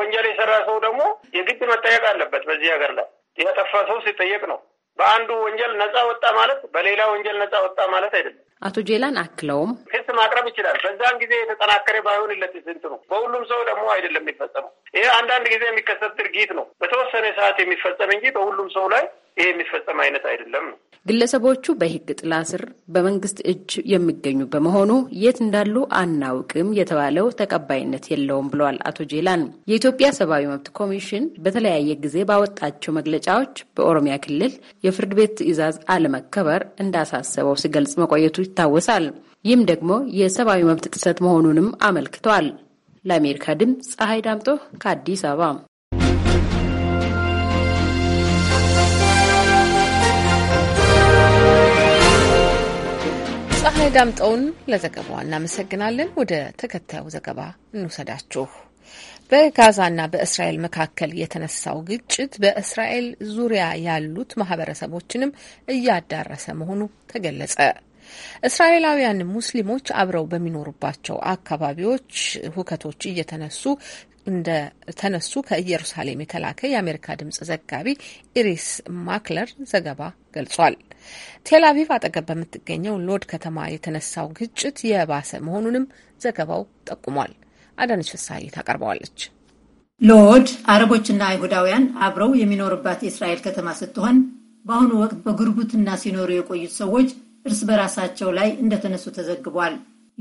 ወንጀል የሰራ ሰው ደግሞ የግድ መጠየቅ አለበት። በዚህ ሀገር ላይ ያጠፋ ሰው ሲጠየቅ ነው በአንዱ ወንጀል ነጻ ወጣ ማለት በሌላ ወንጀል ነጻ ወጣ ማለት አይደለም። አቶ ጄላን አክለውም ክስ ማቅረብ ይችላል። በዛን ጊዜ የተጠናከረ ባይሆንለት ስንት ነው። በሁሉም ሰው ደግሞ አይደለም የሚፈጸመው። ይሄ አንዳንድ ጊዜ የሚከሰት ድርጊት ነው፣ በተወሰነ ሰዓት የሚፈጸም እንጂ በሁሉም ሰው ላይ ይሄ የሚፈጸም አይነት አይደለም ነው። ግለሰቦቹ በህግ ጥላ ስር በመንግስት እጅ የሚገኙ በመሆኑ የት እንዳሉ አናውቅም የተባለው ተቀባይነት የለውም ብለዋል አቶ ጄላን። የኢትዮጵያ ሰብአዊ መብት ኮሚሽን በተለያየ ጊዜ ባወጣቸው መግለጫዎች በኦሮሚያ ክልል የፍርድ ቤት ትዕዛዝ አለመከበር እንዳሳሰበው ሲገልጽ መቆየቱ ይታወሳል። ይህም ደግሞ የሰብአዊ መብት ጥሰት መሆኑንም አመልክቷል። ለአሜሪካ ድምፅ ፀሐይ ዳምጦ ከአዲስ አበባ ዳምጠውን ለዘገባዋ እናመሰግናለን። ወደ ተከታዩ ዘገባ እንውሰዳችሁ። በጋዛና በእስራኤል መካከል የተነሳው ግጭት በእስራኤል ዙሪያ ያሉት ማህበረሰቦችንም እያዳረሰ መሆኑ ተገለጸ። እስራኤላውያን ሙስሊሞች አብረው በሚኖሩባቸው አካባቢዎች ሁከቶች እየተነሱ እንደተነሱ ከኢየሩሳሌም የተላከ የአሜሪካ ድምጽ ዘጋቢ ኢሪስ ማክለር ዘገባ ገልጿል። ቴል አቪቭ አጠገብ በምትገኘው ሎድ ከተማ የተነሳው ግጭት የባሰ መሆኑንም ዘገባው ጠቁሟል። አዳነች ፍሳይ ታቀርበዋለች። ሎድ አረቦችና አይሁዳውያን አብረው የሚኖርባት የእስራኤል ከተማ ስትሆን በአሁኑ ወቅት በጉርጉትና ሲኖሩ የቆዩት ሰዎች እርስ በራሳቸው ላይ እንደተነሱ ተዘግቧል።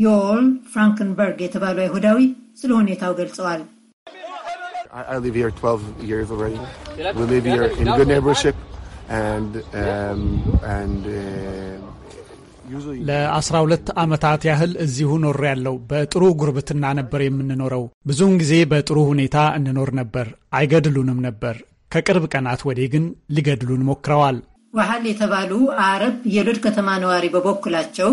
ዮል ፍራንክንበርግ የተባሉ አይሁዳዊ ስለ ሁኔታው ገልጸዋል። I, I live here 12 years already. We live here in good neighborship and, um, and uh, ለ12 ዓመታት ያህል እዚሁ ኖር ያለው በጥሩ ጉርብትና ነበር የምንኖረው። ብዙውን ጊዜ በጥሩ ሁኔታ እንኖር ነበር። አይገድሉንም ነበር። ከቅርብ ቀናት ወዲህ ግን ሊገድሉን ሞክረዋል። ዋሃል የተባሉ አረብ የሎድ ከተማ ነዋሪ በበኩላቸው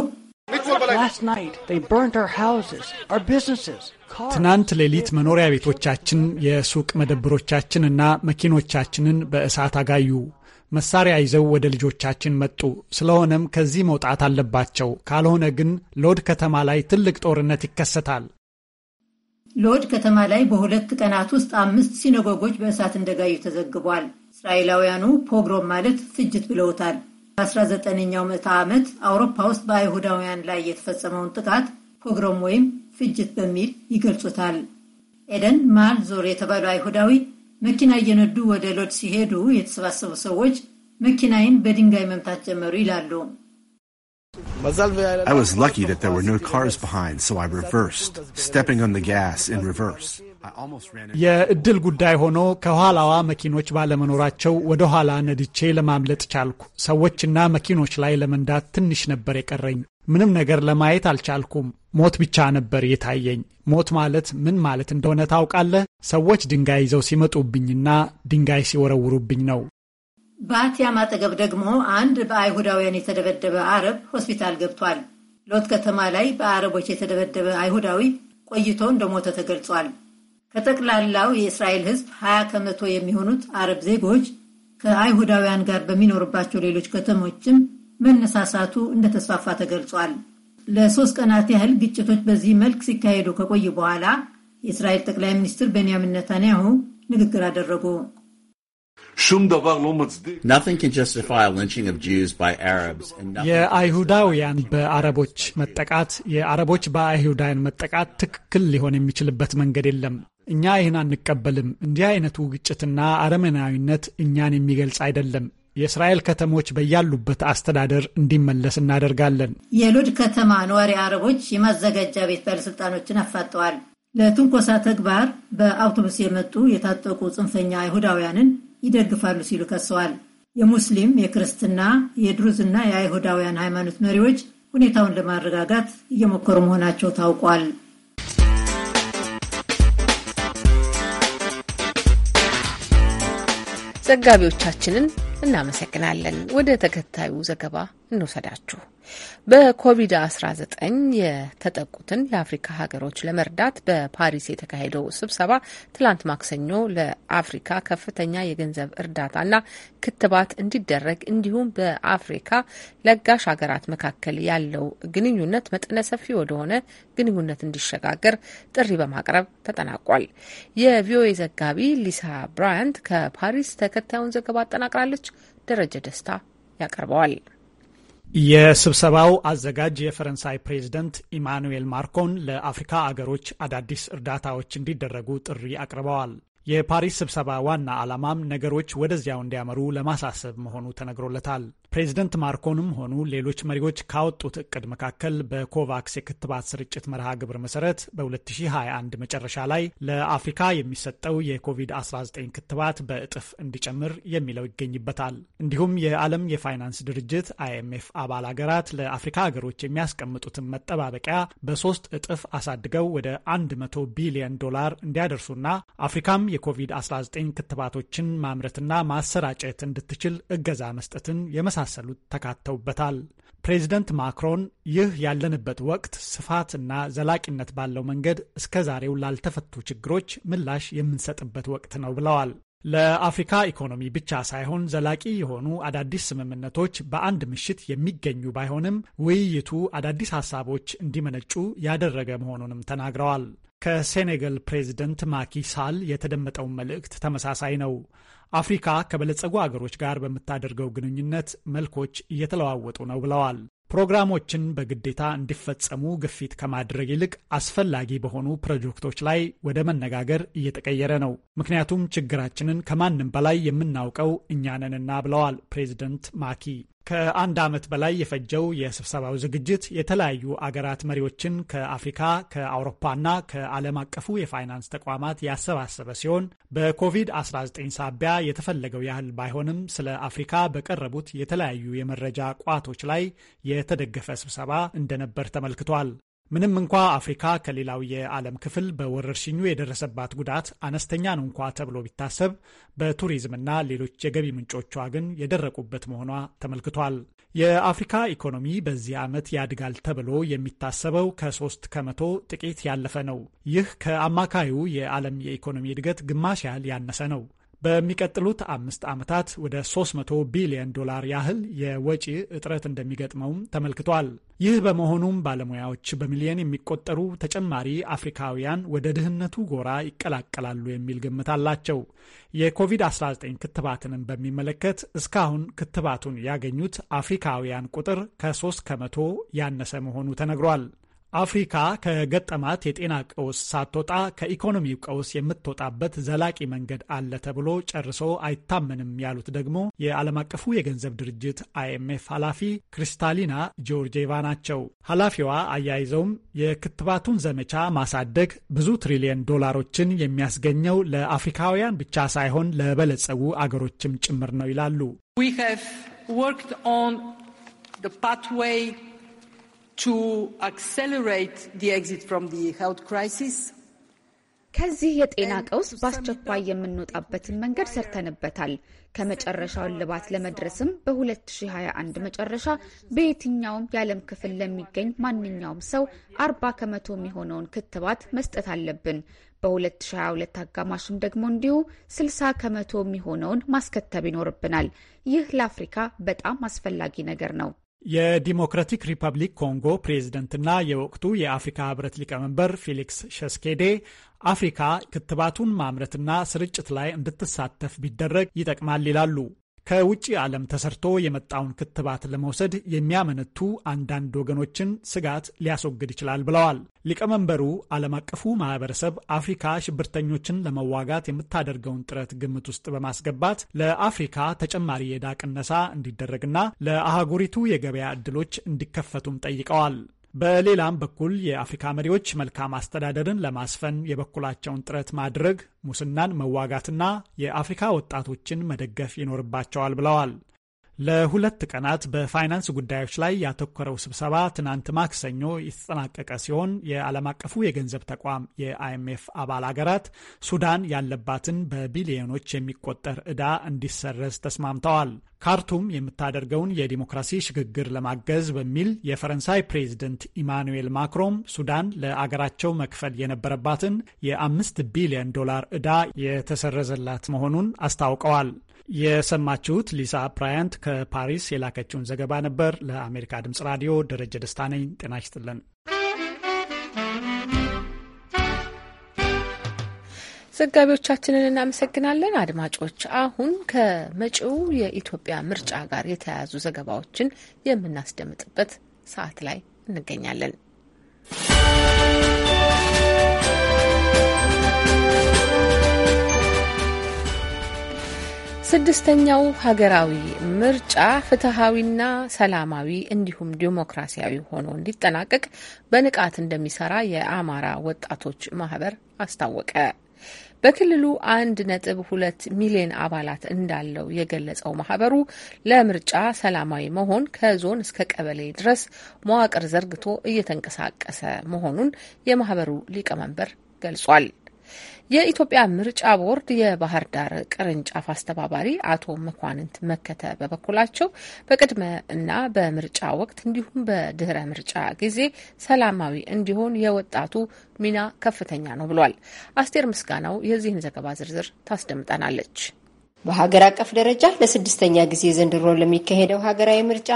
ትናንት ሌሊት መኖሪያ ቤቶቻችን፣ የሱቅ መደብሮቻችንና መኪኖቻችንን በእሳት አጋዩ። መሳሪያ ይዘው ወደ ልጆቻችን መጡ። ስለሆነም ከዚህ መውጣት አለባቸው። ካልሆነ ግን ሎድ ከተማ ላይ ትልቅ ጦርነት ይከሰታል። ሎድ ከተማ ላይ በሁለት ቀናት ውስጥ አምስት ሲነጎጎች በእሳት እንደጋዩ ተዘግቧል። እስራኤላውያኑ ፖግሮም ማለት ፍጅት ብለውታል። በ19ኛው ምዕተ ዓመት አውሮፓ ውስጥ በአይሁዳውያን ላይ የተፈጸመውን ጥቃት ፖግሮም ወይም ፍጅት በሚል ይገልጹታል። ኤደን ማል ዞር የተባሉ አይሁዳዊ መኪና እየነዱ ወደ ሎድ ሲሄዱ የተሰባሰቡ ሰዎች መኪናዬን በድንጋይ መምታት ጀመሩ ይላሉ። I was lucky that there were no cars behind, so I reversed, stepping on the gas in reverse. የእድል ጉዳይ ሆኖ ከኋላዋ መኪኖች ባለመኖራቸው ወደ ኋላ ነድቼ ለማምለጥ ቻልኩ። ሰዎችና መኪኖች ላይ ለመንዳት ትንሽ ነበር የቀረኝ። ምንም ነገር ለማየት አልቻልኩም። ሞት ብቻ ነበር የታየኝ። ሞት ማለት ምን ማለት እንደሆነ ታውቃለህ? ሰዎች ድንጋይ ይዘው ሲመጡብኝና ድንጋይ ሲወረውሩብኝ ነው። በአቲያም አጠገብ ደግሞ አንድ በአይሁዳውያን የተደበደበ አረብ ሆስፒታል ገብቷል። ሎት ከተማ ላይ በአረቦች የተደበደበ አይሁዳዊ ቆይቶ እንደሞተ ተገልጿል። ከጠቅላላው የእስራኤል ሕዝብ 20 ከመቶ የሚሆኑት አረብ ዜጎች ከአይሁዳውያን ጋር በሚኖርባቸው ሌሎች ከተሞችም መነሳሳቱ እንደተስፋፋ ተገልጿል። ለሶስት ቀናት ያህል ግጭቶች በዚህ መልክ ሲካሄዱ ከቆዩ በኋላ የእስራኤል ጠቅላይ ሚኒስትር ቤንያሚን ነታንያሁ ንግግር አደረጉ። የአይሁዳውያን በአረቦች መጠቃት፣ የአረቦች በአይሁዳውያን መጠቃት ትክክል ሊሆን የሚችልበት መንገድ የለም። እኛ ይህን አንቀበልም። እንዲህ አይነቱ ግጭትና አረመናዊነት እኛን የሚገልጽ አይደለም። የእስራኤል ከተሞች በያሉበት አስተዳደር እንዲመለስ እናደርጋለን። የሉድ ከተማ ነዋሪ አረቦች የማዘጋጃ ቤት ባለሥልጣኖችን አፋጠዋል። ለትንኮሳ ተግባር በአውቶቡስ የመጡ የታጠቁ ጽንፈኛ አይሁዳውያንን ይደግፋሉ ሲሉ ከሰዋል። የሙስሊም፣ የክርስትና፣ የድሩዝና የአይሁዳውያን ሃይማኖት መሪዎች ሁኔታውን ለማረጋጋት እየሞከሩ መሆናቸው ታውቋል። ዘጋቢዎቻችንን እናመሰግናለን። ወደ ተከታዩ ዘገባ እንውሰዳችሁ። በኮቪድ-19 የተጠቁትን የአፍሪካ ሀገሮች ለመርዳት በፓሪስ የተካሄደው ስብሰባ ትላንት ማክሰኞ ለአፍሪካ ከፍተኛ የገንዘብ እርዳታና ክትባት እንዲደረግ እንዲሁም በአፍሪካ ለጋሽ ሀገራት መካከል ያለው ግንኙነት መጠነ ሰፊ ወደሆነ ግንኙነት እንዲሸጋገር ጥሪ በማቅረብ ተጠናቋል። የቪኦኤ ዘጋቢ ሊሳ ብራያንት ከፓሪስ ተከታዩን ዘገባ አጠናቅራለች። ደረጀ ደስታ ያቀርበዋል። የስብሰባው አዘጋጅ የፈረንሳይ ፕሬዝደንት ኢማኑኤል ማርኮን ለአፍሪካ አገሮች አዳዲስ እርዳታዎች እንዲደረጉ ጥሪ አቅርበዋል። የፓሪስ ስብሰባ ዋና ዓላማም ነገሮች ወደዚያው እንዲያመሩ ለማሳሰብ መሆኑ ተነግሮለታል። ፕሬዚደንት ማርኮንም ሆኑ ሌሎች መሪዎች ካወጡት እቅድ መካከል በኮቫክስ የክትባት ስርጭት መርሃ ግብር መሰረት በ2021 መጨረሻ ላይ ለአፍሪካ የሚሰጠው የኮቪድ-19 ክትባት በእጥፍ እንዲጨምር የሚለው ይገኝበታል። እንዲሁም የዓለም የፋይናንስ ድርጅት አይኤምኤፍ አባል ሀገራት ለአፍሪካ ሀገሮች የሚያስቀምጡትን መጠባበቂያ በሶስት እጥፍ አሳድገው ወደ 100 ቢሊዮን ዶላር እንዲያደርሱና አፍሪካም የኮቪድ-19 ክትባቶችን ማምረትና ማሰራጨት እንድትችል እገዛ መስጠትን የመሳ የመሳሰሉት ተካተውበታል። ፕሬዚደንት ማክሮን ይህ ያለንበት ወቅት ስፋት እና ዘላቂነት ባለው መንገድ እስከ ዛሬው ላልተፈቱ ችግሮች ምላሽ የምንሰጥበት ወቅት ነው ብለዋል። ለአፍሪካ ኢኮኖሚ ብቻ ሳይሆን ዘላቂ የሆኑ አዳዲስ ስምምነቶች በአንድ ምሽት የሚገኙ ባይሆንም ውይይቱ አዳዲስ ሀሳቦች እንዲመነጩ ያደረገ መሆኑንም ተናግረዋል። ከሴኔጋል ፕሬዝደንት ማኪ ሳል የተደመጠውን መልእክት ተመሳሳይ ነው። አፍሪካ ከበለጸጉ አገሮች ጋር በምታደርገው ግንኙነት መልኮች እየተለዋወጡ ነው ብለዋል። ፕሮግራሞችን በግዴታ እንዲፈጸሙ ግፊት ከማድረግ ይልቅ አስፈላጊ በሆኑ ፕሮጀክቶች ላይ ወደ መነጋገር እየተቀየረ ነው። ምክንያቱም ችግራችንን ከማንም በላይ የምናውቀው እኛንንና ብለዋል ፕሬዚደንት ማኪ ከአንድ ዓመት በላይ የፈጀው የስብሰባው ዝግጅት የተለያዩ አገራት መሪዎችን ከአፍሪካ፣ ከአውሮፓና ከዓለም አቀፉ የፋይናንስ ተቋማት ያሰባሰበ ሲሆን በኮቪድ-19 ሳቢያ የተፈለገው ያህል ባይሆንም ስለ አፍሪካ በቀረቡት የተለያዩ የመረጃ ቋቶች ላይ የተደገፈ ስብሰባ እንደነበር ተመልክቷል። ምንም እንኳ አፍሪካ ከሌላው የዓለም ክፍል በወረርሽኙ የደረሰባት ጉዳት አነስተኛ ነው እንኳ ተብሎ ቢታሰብ በቱሪዝምና ሌሎች የገቢ ምንጮቿ ግን የደረቁበት መሆኗ ተመልክቷል። የአፍሪካ ኢኮኖሚ በዚህ ዓመት ያድጋል ተብሎ የሚታሰበው ከሶስት ከመቶ ጥቂት ያለፈ ነው። ይህ ከአማካዩ የዓለም የኢኮኖሚ እድገት ግማሽ ያህል ያነሰ ነው። በሚቀጥሉት አምስት ዓመታት ወደ 300 ቢሊዮን ዶላር ያህል የወጪ እጥረት እንደሚገጥመውም ተመልክቷል። ይህ በመሆኑም ባለሙያዎች በሚሊዮን የሚቆጠሩ ተጨማሪ አፍሪካውያን ወደ ድህነቱ ጎራ ይቀላቀላሉ የሚል ግምት አላቸው። የኮቪድ-19 ክትባትንም በሚመለከት እስካሁን ክትባቱን ያገኙት አፍሪካውያን ቁጥር ከ3 ከመቶ ያነሰ መሆኑ ተነግሯል። አፍሪካ ከገጠማት የጤና ቀውስ ሳትወጣ ከኢኮኖሚው ቀውስ የምትወጣበት ዘላቂ መንገድ አለ ተብሎ ጨርሶ አይታመንም ያሉት ደግሞ የዓለም አቀፉ የገንዘብ ድርጅት አይኤምኤፍ ኃላፊ ክሪስታሊና ጆርጄቫ ናቸው። ኃላፊዋ አያይዘውም የክትባቱን ዘመቻ ማሳደግ ብዙ ትሪሊየን ዶላሮችን የሚያስገኘው ለአፍሪካውያን ብቻ ሳይሆን ለበለጸጉ አገሮችም ጭምር ነው ይላሉ። ከዚህ የጤና ቀውስ በአስቸኳይ የምንወጣበትን መንገድ ሰርተንበታል። ከመጨረሻው እልባት ለመድረስም በ2021 መጨረሻ በየትኛውም የዓለም ክፍል ለሚገኝ ማንኛውም ሰው 40 ከመቶ የሚሆነውን ክትባት መስጠት አለብን። በ2022 አጋማሽም ደግሞ እንዲሁ 60 ከመቶ የሚሆነውን ማስከተብ ይኖርብናል። ይህ ለአፍሪካ በጣም አስፈላጊ ነገር ነው። የዲሞክራቲክ ሪፐብሊክ ኮንጎ ፕሬዝደንትና የወቅቱ የአፍሪካ ህብረት ሊቀመንበር ፌሊክስ ሸስኬዴ አፍሪካ ክትባቱን ማምረትና ስርጭት ላይ እንድትሳተፍ ቢደረግ ይጠቅማል ይላሉ። ከውጭ ዓለም ተሰርቶ የመጣውን ክትባት ለመውሰድ የሚያመነቱ አንዳንድ ወገኖችን ስጋት ሊያስወግድ ይችላል ብለዋል ሊቀመንበሩ። ዓለም አቀፉ ማህበረሰብ አፍሪካ ሽብርተኞችን ለመዋጋት የምታደርገውን ጥረት ግምት ውስጥ በማስገባት ለአፍሪካ ተጨማሪ የዕዳ ቅነሳ እንዲደረግና ለአህጉሪቱ የገበያ ዕድሎች እንዲከፈቱም ጠይቀዋል። በሌላም በኩል የአፍሪካ መሪዎች መልካም አስተዳደርን ለማስፈን የበኩላቸውን ጥረት ማድረግ፣ ሙስናን መዋጋትና የአፍሪካ ወጣቶችን መደገፍ ይኖርባቸዋል ብለዋል። ለሁለት ቀናት በፋይናንስ ጉዳዮች ላይ ያተኮረው ስብሰባ ትናንት ማክሰኞ የተጠናቀቀ ሲሆን የዓለም አቀፉ የገንዘብ ተቋም የአይኤምኤፍ አባል አገራት ሱዳን ያለባትን በቢሊዮኖች የሚቆጠር ዕዳ እንዲሰረዝ ተስማምተዋል። ካርቱም የምታደርገውን የዲሞክራሲ ሽግግር ለማገዝ በሚል የፈረንሳይ ፕሬዚደንት ኢማኑኤል ማክሮም ሱዳን ለአገራቸው መክፈል የነበረባትን የአምስት ቢሊዮን ዶላር ዕዳ የተሰረዘላት መሆኑን አስታውቀዋል። የሰማችሁት ሊሳ ብራያንት ከፓሪስ የላከችውን ዘገባ ነበር። ለአሜሪካ ድምጽ ራዲዮ ደረጀ ደስታ ነኝ። ጤና ይስጥልን። ዘጋቢዎቻችንን እናመሰግናለን። አድማጮች፣ አሁን ከመጪው የኢትዮጵያ ምርጫ ጋር የተያያዙ ዘገባዎችን የምናስደምጥበት ሰዓት ላይ እንገኛለን። ስድስተኛው ሀገራዊ ምርጫ ፍትሐዊና ሰላማዊ እንዲሁም ዲሞክራሲያዊ ሆኖ እንዲጠናቀቅ በንቃት እንደሚሰራ የአማራ ወጣቶች ማህበር አስታወቀ። በክልሉ አንድ ነጥብ ሁለት ሚሊዮን አባላት እንዳለው የገለጸው ማህበሩ ለምርጫ ሰላማዊ መሆን ከዞን እስከ ቀበሌ ድረስ መዋቅር ዘርግቶ እየተንቀሳቀሰ መሆኑን የማህበሩ ሊቀመንበር ገልጿል። የኢትዮጵያ ምርጫ ቦርድ የባህር ዳር ቅርንጫፍ አስተባባሪ አቶ መኳንንት መከተ በበኩላቸው በቅድመ እና በምርጫ ወቅት እንዲሁም በድህረ ምርጫ ጊዜ ሰላማዊ እንዲሆን የወጣቱ ሚና ከፍተኛ ነው ብሏል። አስቴር ምስጋናው የዚህን ዘገባ ዝርዝር ታስደምጠናለች። በሀገር አቀፍ ደረጃ ለስድስተኛ ጊዜ ዘንድሮ ለሚካሄደው ሀገራዊ ምርጫ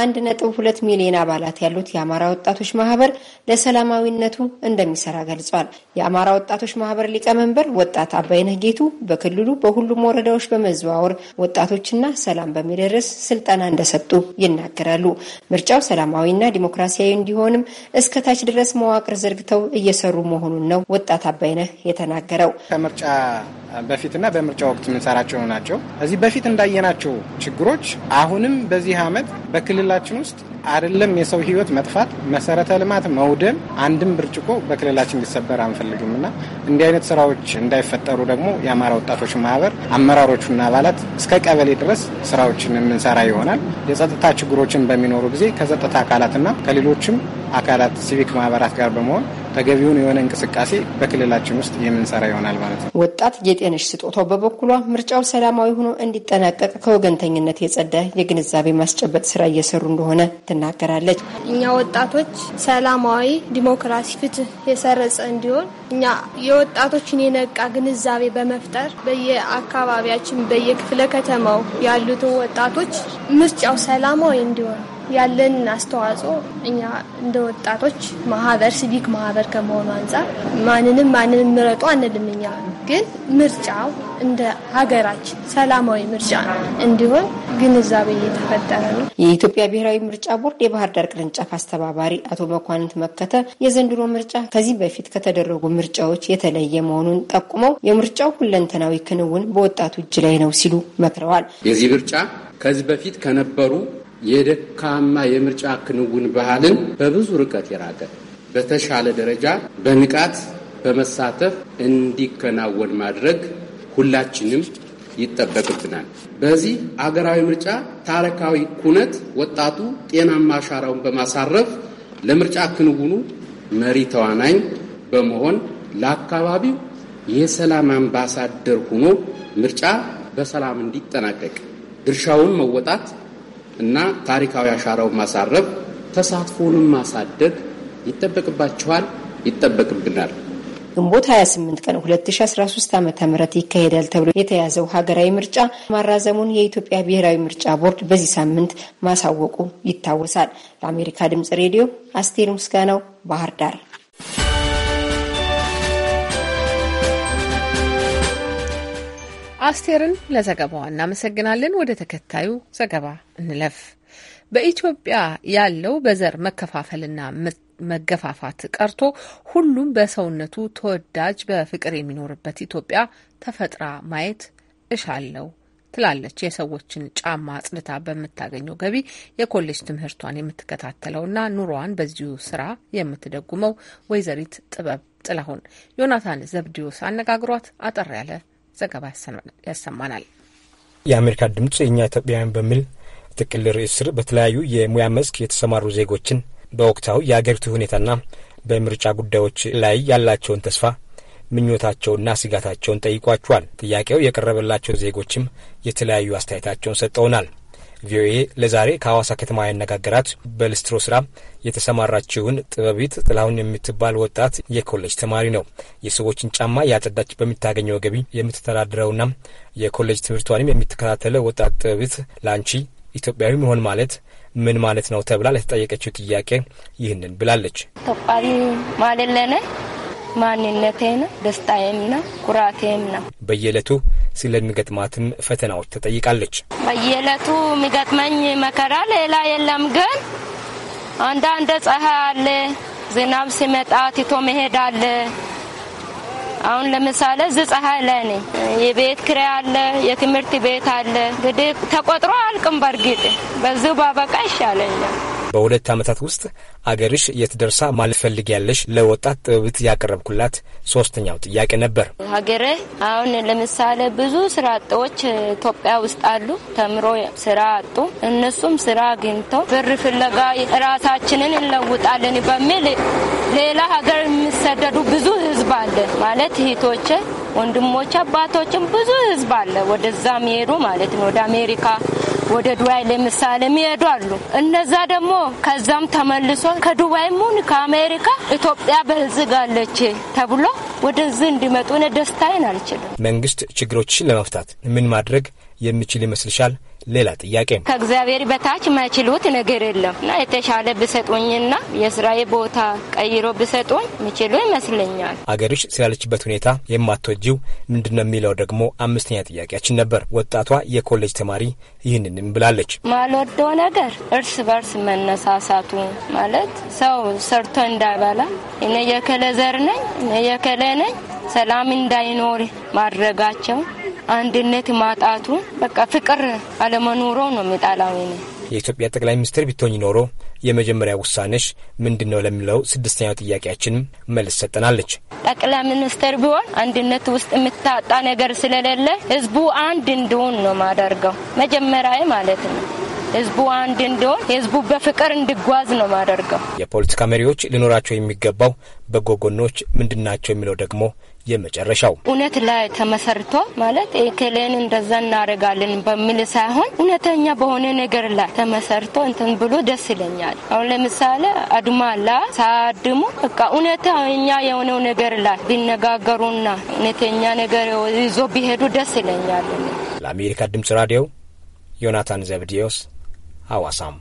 አንድ ነጥብ ሁለት ሚሊዮን አባላት ያሉት የአማራ ወጣቶች ማህበር ለሰላማዊነቱ እንደሚሰራ ገልጿል። የአማራ ወጣቶች ማህበር ሊቀመንበር ወጣት አባይነህ ጌቱ በክልሉ በሁሉም ወረዳዎች በመዘዋወር ወጣቶችና ሰላም በሚል ስልጠና እንደሰጡ ይናገራሉ። ምርጫው ሰላማዊና ዲሞክራሲያዊ እንዲሆንም እስከታች ድረስ መዋቅር ዘርግተው እየሰሩ መሆኑን ነው ወጣት አባይነህ የተናገረው። ከምርጫ በፊትና በምርጫ ወቅት የምንሰራቸው ናቸው። እዚህ በፊት እንዳየናቸው ችግሮች አሁንም በዚህ አመት በክልላችን ውስጥ አይደለም የሰው ህይወት መጥፋት፣ መሰረተ ልማት መውደም፣ አንድም ብርጭቆ በክልላችን እንዲሰበር አንፈልግም እና እንዲህ አይነት ስራዎች እንዳይፈጠሩ ደግሞ የአማራ ወጣቶች ማህበር አመራሮቹና አባላት እስከ ቀበሌ ድረስ ስራዎችን የምንሰራ ይሆናል። የጸጥታ ችግሮችን በሚኖሩ ጊዜ ከጸጥታ አካላትና ከሌሎችም አካላት ሲቪክ ማህበራት ጋር በመሆን ተገቢውን የሆነ እንቅስቃሴ በክልላችን ውስጥ የምንሰራ ይሆናል ማለት ነው። ወጣት የጤነሽ ስጦታው በበኩሏ ምርጫው ሰላማዊ ሆኖ እንዲጠናቀቅ ከወገንተኝነት የጸዳ የግንዛቤ ማስጨበጥ ስራ እየሰሩ እንደሆነ ትናገራለች። እኛ ወጣቶች ሰላማዊ፣ ዲሞክራሲ፣ ፍትህ የሰረጸ እንዲሆን እኛ የወጣቶችን የነቃ ግንዛቤ በመፍጠር በየአካባቢያችን በየክፍለ ከተማው ያሉትን ወጣቶች ምርጫው ሰላማዊ እንዲሆን ያለን አስተዋጽኦ እኛ እንደ ወጣቶች ማህበር ሲቪክ ማህበር ከመሆኑ አንጻር ማንንም ማንንም ምረጡ አንልም። እኛ ግን ምርጫው እንደ ሀገራችን ሰላማዊ ምርጫ እንዲሆን ግንዛቤ እየተፈጠረ ነው። የኢትዮጵያ ብሔራዊ ምርጫ ቦርድ የባህር ዳር ቅርንጫፍ አስተባባሪ አቶ መኳንንት መከተ የዘንድሮ ምርጫ ከዚህ በፊት ከተደረጉ ምርጫዎች የተለየ መሆኑን ጠቁመው የምርጫው ሁለንተናዊ ክንውን በወጣቱ እጅ ላይ ነው ሲሉ መክረዋል። የዚህ ምርጫ ከዚህ በፊት ከነበሩ የደካማ የምርጫ ክንውን ባህልን በብዙ ርቀት የራቀ በተሻለ ደረጃ በንቃት በመሳተፍ እንዲከናወን ማድረግ ሁላችንም ይጠበቅብናል። በዚህ አገራዊ ምርጫ ታሪካዊ ኩነት ወጣቱ ጤናማ አሻራውን በማሳረፍ ለምርጫ ክንውኑ መሪ ተዋናኝ በመሆን ለአካባቢው የሰላም አምባሳደር ሆኖ ምርጫ በሰላም እንዲጠናቀቅ ድርሻውን መወጣት እና ታሪካዊ አሻራው ማሳረፍ ተሳትፎንም ማሳደግ ይጠበቅባቸዋል፣ ይጠበቅብናል። ግንቦት 28 ቀን 2013 ዓ ም ይካሄዳል ተብሎ የተያዘው ሀገራዊ ምርጫ ማራዘሙን የኢትዮጵያ ብሔራዊ ምርጫ ቦርድ በዚህ ሳምንት ማሳወቁ ይታወሳል። ለአሜሪካ ድምጽ ሬዲዮ አስቴር ምስጋናው ባህር ዳር አስቴርን ለዘገባዋ እናመሰግናለን። ወደ ተከታዩ ዘገባ እንለፍ። በኢትዮጵያ ያለው በዘር መከፋፈልና መገፋፋት ቀርቶ ሁሉም በሰውነቱ ተወዳጅ በፍቅር የሚኖርበት ኢትዮጵያ ተፈጥራ ማየት እሻለው ትላለች የሰዎችን ጫማ አጽድታ በምታገኘው ገቢ የኮሌጅ ትምህርቷን የምትከታተለውና ኑሮዋን በዚሁ ስራ የምትደጉመው ወይዘሪት ጥበብ ጥላሁን ዮናታን ዘብዲዮስ አነጋግሯት አጠር ያለ ዘገባ ያሰማናል። የአሜሪካ ድምፅ የእኛ ኢትዮጵያውያን በሚል ጥቅል ርዕስ ስር በተለያዩ የሙያ መስክ የተሰማሩ ዜጎችን በወቅታዊ የአገሪቱ ሁኔታና በምርጫ ጉዳዮች ላይ ያላቸውን ተስፋ ምኞታቸውና ስጋታቸውን ጠይቋቸዋል። ጥያቄው የቀረበላቸው ዜጎችም የተለያዩ አስተያየታቸውን ሰጠውናል። ቪኦኤ ለዛሬ ከሐዋሳ ከተማ ያነጋገራት በልስትሮ ስራ የተሰማራችውን ጥበቢት ጥላሁን የምትባል ወጣት የኮሌጅ ተማሪ ነው። የሰዎችን ጫማ ያጸዳች በምታገኘው ገቢ የምትተዳድረውና የኮሌጅ ትምህርቷንም የምትከታተለው ወጣት ጥበቢት ለአንቺ ኢትዮጵያዊ መሆን ማለት ምን ማለት ነው ተብላ ለተጠየቀችው ጥያቄ ይህንን ብላለች። ኢትዮጵያዊ ማለት ማንነቴ ነው፣ ደስታዬም ነው፣ ኩራቴም ነው። በየዕለቱ ስለሚገጥማትም ፈተናዎች ተጠይቃለች። በየዕለቱ የሚገጥመኝ መከራ ሌላ የለም፣ ግን አንዳንድ ፀሐይ አለ፣ ዝናብ ሲመጣ ትቶ መሄድ አለ። አሁን ለምሳሌ እዚህ ፀሐይ ላይ ነኝ። የቤት ክሬ አለ፣ የትምህርት ቤት አለ። እንግዲህ ተቆጥሮ አልቅም። በእርግጥ በዚሁ ባበቃ ይሻለኛል። በሁለት ዓመታት ውስጥ አገርሽ የት ደርሳ ማለት ፈልጊያለሽ? ለወጣት ጥብት ያቀረብኩላት ሶስተኛው ጥያቄ ነበር። ሀገሬ አሁን ለምሳሌ ብዙ ስራ አጦች ኢትዮጵያ ውስጥ አሉ። ተምሮ ስራ አጡ። እነሱም ስራ አግኝተው ብር ፍለጋ ራሳችንን እንለውጣለን በሚል ሌላ ሀገር የሚሰደዱ ብዙ ህዝብ አለ ማለት ሂቶቼ ወንድሞች አባቶችም ብዙ ህዝብ አለ ወደዛ የሚሄዱ ማለት ነው። ወደ አሜሪካ ወደ ዱባይ ለምሳሌ የሚሄዱ አሉ። እነዛ ደግሞ ከዛም ተመልሶ ከዱባይም ሁን ከአሜሪካ ኢትዮጵያ በልጽጋለች ተብሎ ወደዚህ እንዲመጡ እኔ ደስታዬን አልችልም። መንግስት ችግሮችን ለመፍታት ምን ማድረግ የሚችል ይመስልሻል? ሌላ ጥያቄ ከእግዚአብሔር በታች መችሉት ነገር የለም እና የተሻለ ብሰጡኝና የስራዬ ቦታ ቀይሮ ብሰጡኝ ምችሉ ይመስለኛል። አገርሽ ስላለችበት ሁኔታ የማትወጂው ምንድነው የሚለው ደግሞ አምስተኛ ጥያቄያችን ነበር። ወጣቷ የኮሌጅ ተማሪ ይህንንም ብላለች። ማልወደው ነገር እርስ በርስ መነሳሳቱ ማለት ሰው ሰርቶ እንዳይበላ እኔ የከለ ዘር ነኝ እኔ የከለ ነኝ ሰላም እንዳይኖር ማድረጋቸው አንድነት ማጣቱ በቃ ፍቅር አለመኖሮ ነው የሚጣላው። የኢትዮጵያ ጠቅላይ ሚኒስትር ቢቶኝ ኖሮ የመጀመሪያ ውሳኔሽ ምንድን ነው ለሚለው ስድስተኛው ጥያቄያችን መልስ ሰጠናለች። ጠቅላይ ሚኒስትር ቢሆን አንድነት ውስጥ የምታጣ ነገር ስለሌለ ህዝቡ አንድ እንዲሆን ነው ማደርገው መጀመሪያ ማለት ነው። ህዝቡ አንድ እንዲሆን ህዝቡ በፍቅር እንዲጓዝ ነው ማደርገው። የፖለቲካ መሪዎች ሊኖራቸው የሚገባው በጎ ጎኖች ምንድናቸው የሚለው ደግሞ የመጨረሻው እውነት ላይ ተመሰርቶ ማለት ክሌን እንደዛ እናደርጋለን በሚል ሳይሆን እውነተኛ በሆነ ነገር ላይ ተመሰርቶ እንትን ብሎ ደስ ይለኛል። አሁን ለምሳሌ አድማ ሳድሙ በቃ እውነተኛ የሆነው ነገር ላይ ቢነጋገሩና እውነተኛ ነገር ይዞ ቢሄዱ ደስ ይለኛል። ለአሜሪካ ድምጽ ራዲዮ ዮናታን ዘብዲዮስ ሐዋሳም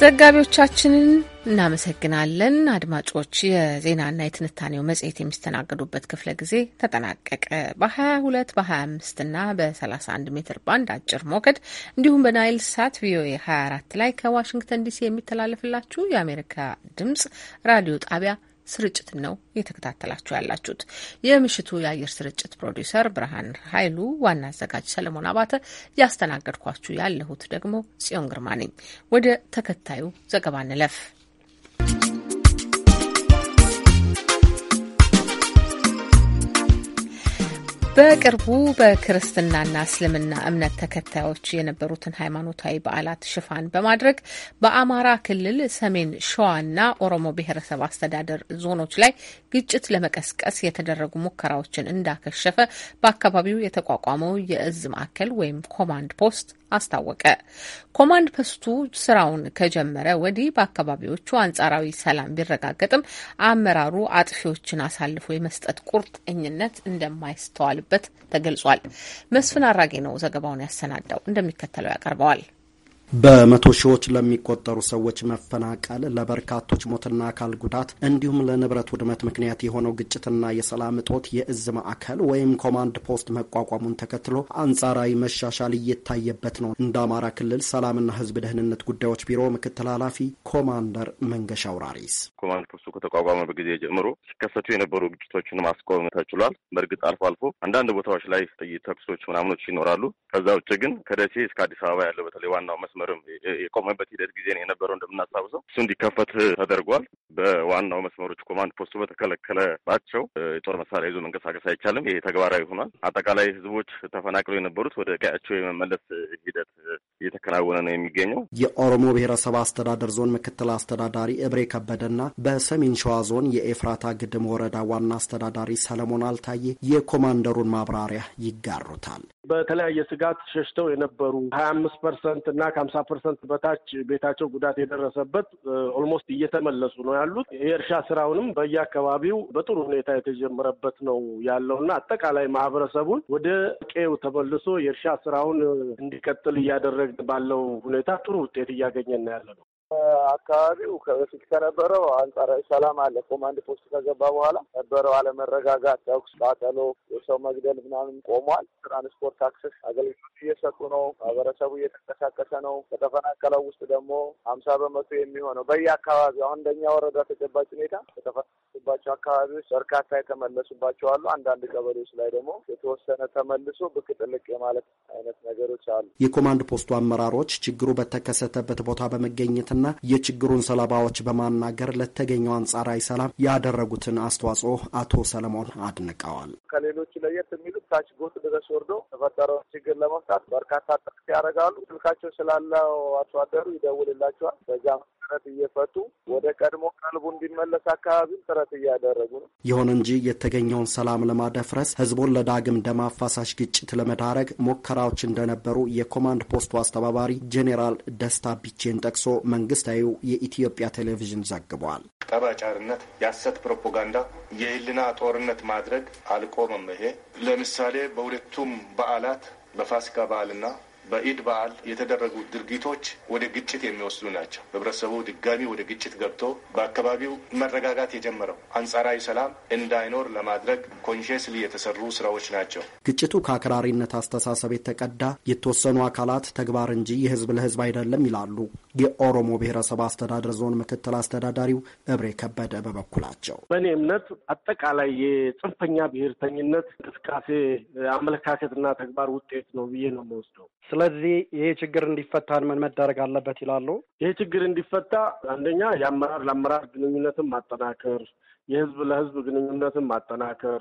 ዘጋቢዎቻችንን እናመሰግናለን። አድማጮች፣ የዜናና የትንታኔው መጽሔት የሚስተናገዱበት ክፍለ ጊዜ ተጠናቀቀ። በ22 በ25 እና በ31 ሜትር ባንድ አጭር ሞገድ እንዲሁም በናይል ሳት ቪኦኤ 24 ላይ ከዋሽንግተን ዲሲ የሚተላለፍላችሁ የአሜሪካ ድምጽ ራዲዮ ጣቢያ ስርጭት ነው እየተከታተላችሁ ያላችሁት። የምሽቱ የአየር ስርጭት ፕሮዲውሰር ብርሃን ኃይሉ፣ ዋና አዘጋጅ ሰለሞን አባተ፣ ያስተናገድኳችሁ ያለሁት ደግሞ ጽዮን ግርማ ነኝ። ወደ ተከታዩ ዘገባ እንለፍ። በቅርቡ በክርስትናና እስልምና እምነት ተከታዮች የነበሩትን ሃይማኖታዊ በዓላት ሽፋን በማድረግ በአማራ ክልል ሰሜን ሸዋና ኦሮሞ ብሔረሰብ አስተዳደር ዞኖች ላይ ግጭት ለመቀስቀስ የተደረጉ ሙከራዎችን እንዳከሸፈ በአካባቢው የተቋቋመው የእዝ ማዕከል ወይም ኮማንድ ፖስት አስታወቀ። ኮማንድ ፖስቱ ስራውን ከጀመረ ወዲህ በአካባቢዎቹ አንጻራዊ ሰላም ቢረጋገጥም አመራሩ አጥፊዎችን አሳልፎ የመስጠት ቁርጠኝነት እንደማይስተዋልበት ተገልጿል። መስፍን አራጌ ነው ዘገባውን ያሰናዳው፣ እንደሚከተለው ያቀርበዋል። በመቶ ሺዎች ለሚቆጠሩ ሰዎች መፈናቀል ለበርካቶች ሞትና አካል ጉዳት እንዲሁም ለንብረት ውድመት ምክንያት የሆነው ግጭትና የሰላም እጦት የእዝ ማዕከል ወይም ኮማንድ ፖስት መቋቋሙን ተከትሎ አንጻራዊ መሻሻል እየታየበት ነው። እንደ አማራ ክልል ሰላምና ሕዝብ ደህንነት ጉዳዮች ቢሮ ምክትል ኃላፊ ኮማንደር መንገሻ አውራሪስ ኮማንድ ፖስቱ ከተቋቋመ ጊዜ ጀምሮ ሲከሰቱ የነበሩ ግጭቶችን ማስቆም ተችሏል። በእርግጥ አልፎ አልፎ አንዳንድ ቦታዎች ላይ ጥይት ተኩሶች ምናምኖች ይኖራሉ። ከዛ ውጭ ግን ከደሴ እስከ አዲስ አበባ ያለው በተለይ ዋናው መስ መስመርም የቆመበት ሂደት ጊዜ ነው የነበረው እንደምናስታውሰው። እሱ እንዲከፈት ተደርጓል። በዋናው መስመሮች ኮማንድ ፖስቱ በተከለከለባቸው የጦር መሳሪያ ይዞ መንቀሳቀስ አይቻልም። ይሄ ተግባራዊ ሆኗል። አጠቃላይ ህዝቦች ተፈናቅለው የነበሩት ወደ ቀያቸው የመመለስ ሂደት እየተከናወነ ነው የሚገኘው። የኦሮሞ ብሔረሰብ አስተዳደር ዞን ምክትል አስተዳዳሪ እብሬ ከበደና በሰሜን ሸዋ ዞን የኤፍራታ ግድም ወረዳ ዋና አስተዳዳሪ ሰለሞን አልታዬ የኮማንደሩን ማብራሪያ ይጋሩታል። በተለያየ ስጋት ሸሽተው የነበሩ ሀያ አምስት ፐርሰንት እና ከሀምሳ ፐርሰንት በታች ቤታቸው ጉዳት የደረሰበት ኦልሞስት እየተመለሱ ነው ያሉት። የእርሻ ስራውንም በየአካባቢው በጥሩ ሁኔታ የተጀመረበት ነው ያለው እና አጠቃላይ ማህበረሰቡን ወደ ቄው ተመልሶ የእርሻ ስራውን እንዲቀጥል እያደረግ ባለው ሁኔታ ጥሩ ውጤት እያገኘን ያለ ነው። አካባቢው ከበፊት ከነበረው አንጻራዊ ሰላም አለ። ኮማንድ ፖስት ከገባ በኋላ ነበረው አለመረጋጋት፣ ተኩስ፣ ቃጠሎ፣ የሰው መግደል ምናምን ቆሟል። ትራንስፖርት አክሰስ አገልግሎት እየሸጡ ነው። ማህበረሰቡ እየተንቀሳቀሰ ነው። ከተፈናቀለው ውስጥ ደግሞ ሀምሳ በመቶ የሚሆነው በየአካባቢው አሁን እንደኛ ወረዳ ተጨባጭ ሁኔታ ከተፈናቀሉባቸው አካባቢዎች በርካታ የተመለሱባቸው አሉ። አንዳንድ ቀበሌዎች ላይ ደግሞ የተወሰነ ተመልሶ ብቅ ጥልቅ የማለት አይነት ነገሮች አሉ። የኮማንድ ፖስቱ አመራሮች ችግሩ በተከሰተበት ቦታ በመገኘትና የችግሩን ሰለባዎች በማናገር ለተገኘው አንጻራዊ ሰላም ያደረጉትን አስተዋጽኦ አቶ ሰለሞን አድንቀዋል። ከሌሎች ለየት ታች ጎጥ ድረስ ወርዶ ተፈጠረውን ችግር ለመፍታት በርካታ ጥቅት ያደርጋሉ። ስልካቸው ስላለው አቶ አደሩ ይደውልላቸዋል። በዛም። ጥረት እየፈቱ ወደ ቀድሞ ቀልቡ እንዲመለስ አካባቢን ጥረት እያደረጉ ነው። ይሁን እንጂ የተገኘውን ሰላም ለማደፍረስ ህዝቡን ለዳግም ደም አፋሳሽ ግጭት ለመዳረግ ሙከራዎች እንደነበሩ የኮማንድ ፖስቱ አስተባባሪ ጄኔራል ደስታ ቢቼን ጠቅሶ መንግስታዊው የኢትዮጵያ ቴሌቪዥን ዘግቧል። ጠባጫርነት፣ የሐሰት ፕሮፓጋንዳ፣ የህልና ጦርነት ማድረግ አልቆመም። ይሄ ለምሳሌ በሁለቱም በዓላት በፋሲካ በዓልና በኢድ በዓል የተደረጉ ድርጊቶች ወደ ግጭት የሚወስዱ ናቸው። ህብረተሰቡ ድጋሚ ወደ ግጭት ገብቶ በአካባቢው መረጋጋት የጀመረው አንጻራዊ ሰላም እንዳይኖር ለማድረግ ኮንሽስሊ የተሰሩ ስራዎች ናቸው። ግጭቱ ከአክራሪነት አስተሳሰብ የተቀዳ የተወሰኑ አካላት ተግባር እንጂ የህዝብ ለህዝብ አይደለም ይላሉ የኦሮሞ ብሔረሰብ አስተዳደር ዞን ምክትል አስተዳዳሪው እብሬ ከበደ በበኩላቸው በእኔ እምነት አጠቃላይ የጽንፈኛ ብሔርተኝነት እንቅስቃሴ አመለካከትና ተግባር ውጤት ነው ብዬ ነው የምወስደው። ስለዚህ ይሄ ችግር እንዲፈታ ምን መደረግ አለበት ይላሉ? ይሄ ችግር እንዲፈታ አንደኛ የአመራር ለአመራር ግንኙነትን ማጠናከር፣ የህዝብ ለህዝብ ግንኙነትን ማጠናከር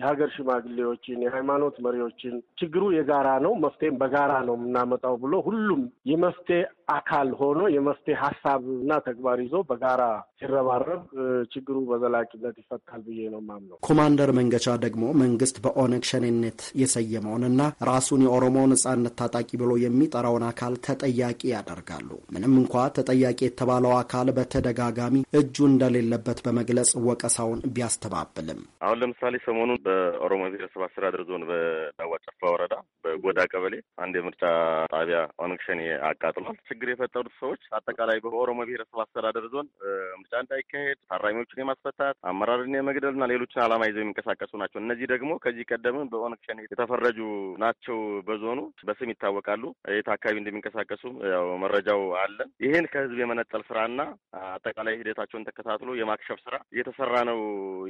የሀገር ሽማግሌዎችን፣ የሃይማኖት መሪዎችን ችግሩ የጋራ ነው፣ መፍትሄም በጋራ ነው የምናመጣው ብሎ ሁሉም የመፍትሄ አካል ሆኖ የመፍትሄ ሀሳብ እና ተግባር ይዞ በጋራ ሲረባረብ ችግሩ በዘላቂነት ይፈታል ብዬ ነው ማምነው። ኮማንደር መንገቻ ደግሞ መንግስት በኦነግ ሸኔነት የሰየመውንና ራሱን የኦሮሞ ነጻነት ታጣቂ ብሎ የሚጠራውን አካል ተጠያቂ ያደርጋሉ። ምንም እንኳ ተጠያቂ የተባለው አካል በተደጋጋሚ እጁ እንደሌለበት በመግለጽ ወቀሳውን ቢያስተባብልም አሁን ለምሳሌ ሰሞኑን በኦሮሞ ብሔረሰብ አስተዳደር ዞን በዳዋ ጨፋ ወረዳ በጎዳ ቀበሌ አንድ የምርጫ ጣቢያ ኦነግ ሸኔ አቃጥሏል። ችግር የፈጠሩት ሰዎች አጠቃላይ በኦሮሞ ብሔረሰብ አስተዳደር ዞን ምርጫ እንዳይካሄድ ታራሚዎችን የማስፈታት አመራርን የመግደልና ሌሎችን ዓላማ ይዘው የሚንቀሳቀሱ ናቸው። እነዚህ ደግሞ ከዚህ ቀደምም በኦነግ ሸኔ የተፈረጁ ናቸው። በዞኑ በስም ይታወቃሉ። የት አካባቢ እንደሚንቀሳቀሱ ያው መረጃው አለን። ይህን ከህዝብ የመነጠል ስራና አጠቃላይ ሂደታቸውን ተከታትሎ የማክሸፍ ስራ እየተሰራ ነው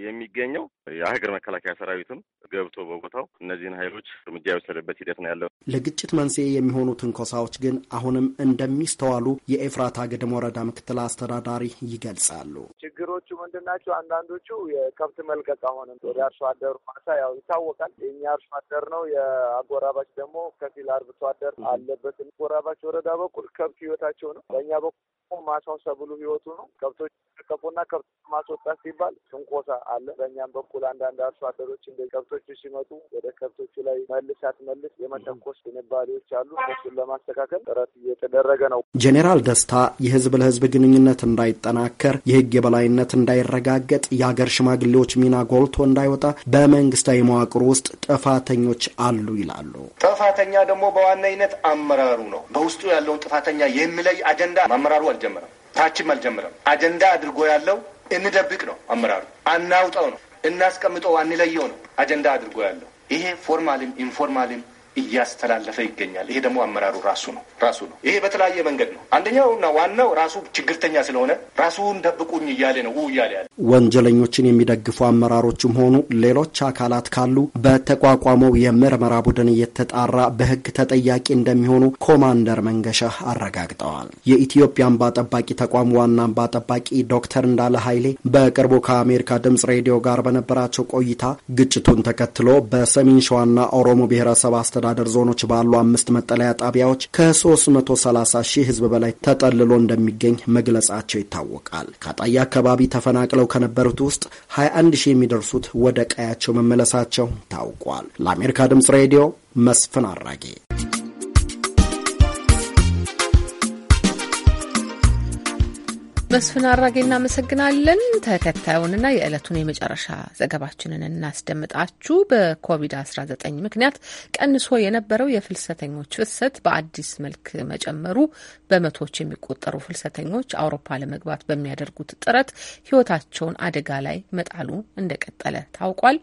የሚገኘው። የሀገር መከላከያ ሰራዊትም ገብቶ በቦታው እነዚህን ኃይሎች እርምጃ የወሰደበት ሂደት ነው ያለው። ለግጭት መንስኤ የሚሆኑ ትንኮሳዎች ግን አሁንም እንደሚስተዋሉ የኤፍራታ ገደም ወረዳ ምክትል አስተዳዳሪ ይገልጻሉ። ችግሮቹ ምንድን ናቸው? አንዳንዶቹ የከብት መልቀቅ አሁንም ወደ አርሶ አደሩ ማሳ ያው ይታወቃል። የእኛ አርሶ አደር ነው፣ የአጎራባች ደግሞ ከፊል አርብቶ አደር አለበት። አጎራባች ወረዳ በኩል ከብት ህይወታቸው ነው፣ በእኛ በኩል ማሳው ሰብሉ ህይወቱ ነው። ከብቶች ቀቁና ከብት ማስወጣት ሲባል ትንኮሳ አለ። በእኛም በኩል አንዳንድ አርሶ አደሮች እንደ ከብቶቹ ሲመጡ ወደ ከብቶቹ ላይ መልስ አትመልስ የመተኮስ ዝንባሌዎች አሉ። እነሱን ለማስተካከል ጥረት እየተደረገ ነው። ጄኔራል ደስታ የህዝብ ለህዝብ ግንኙነት እንዳይጠናከር፣ የህግ የበላይነት እንዳይረጋገጥ፣ የአገር ሽማግሌዎች ሚና ጎልቶ እንዳይወጣ በመንግስታዊ መዋቅር ውስጥ ጥፋተኞች አሉ ይላሉ። ጥፋተኛ ደግሞ በዋነኝነት አመራሩ ነው። በውስጡ ያለውን ጥፋተኛ የሚለይ አጀንዳ አመራሩ አልጀመረም፣ ታችም አልጀመረም። አጀንዳ አድርጎ ያለው እንደብቅ ነው። አመራሩ አናውጠው ነው፣ እናስቀምጠው፣ አንለየው ነው አጀንዳ አድርጎ ያለው። ይሄ ፎርማልም ኢንፎርማልም እያስተላለፈ ይገኛል። ይሄ ደግሞ አመራሩ ራሱ ነው ራሱ ነው። ይሄ በተለያየ መንገድ ነው። አንደኛውና ዋናው ራሱ ችግርተኛ ስለሆነ ራሱን ደብቁኝ እያለ ነው እያለ ያለ ወንጀለኞችን የሚደግፉ አመራሮችም ሆኑ ሌሎች አካላት ካሉ በተቋቋመው የምርመራ ቡድን እየተጣራ በህግ ተጠያቂ እንደሚሆኑ ኮማንደር መንገሻ አረጋግጠዋል። የኢትዮጵያ አምባ ጠባቂ ተቋም ዋና አምባ ጠባቂ ዶክተር እንዳለ ኃይሌ በቅርቡ ከአሜሪካ ድምጽ ሬዲዮ ጋር በነበራቸው ቆይታ ግጭቱን ተከትሎ በሰሜን ሸዋና ኦሮሞ ብሔረሰብ አስተዳ አስተዳደር ዞኖች ባሉ አምስት መጠለያ ጣቢያዎች ከ330 ሺህ ህዝብ በላይ ተጠልሎ እንደሚገኝ መግለጻቸው ይታወቃል። ከአጣያ አካባቢ ተፈናቅለው ከነበሩት ውስጥ 21 ሺህ የሚደርሱት ወደ ቀያቸው መመለሳቸው ታውቋል። ለአሜሪካ ድምጽ ሬዲዮ መስፍን አራጌ መስፍን አራጌ እናመሰግናለን። ተከታዩንና የዕለቱን የመጨረሻ ዘገባችንን እናስደምጣችሁ። በኮቪድ-19 ምክንያት ቀንሶ የነበረው የፍልሰተኞች ፍሰት በአዲስ መልክ መጨመሩ በመቶዎች የሚቆጠሩ ፍልሰተኞች አውሮፓ ለመግባት በሚያደርጉት ጥረት ሕይወታቸውን አደጋ ላይ መጣሉ እንደቀጠለ ታውቋል።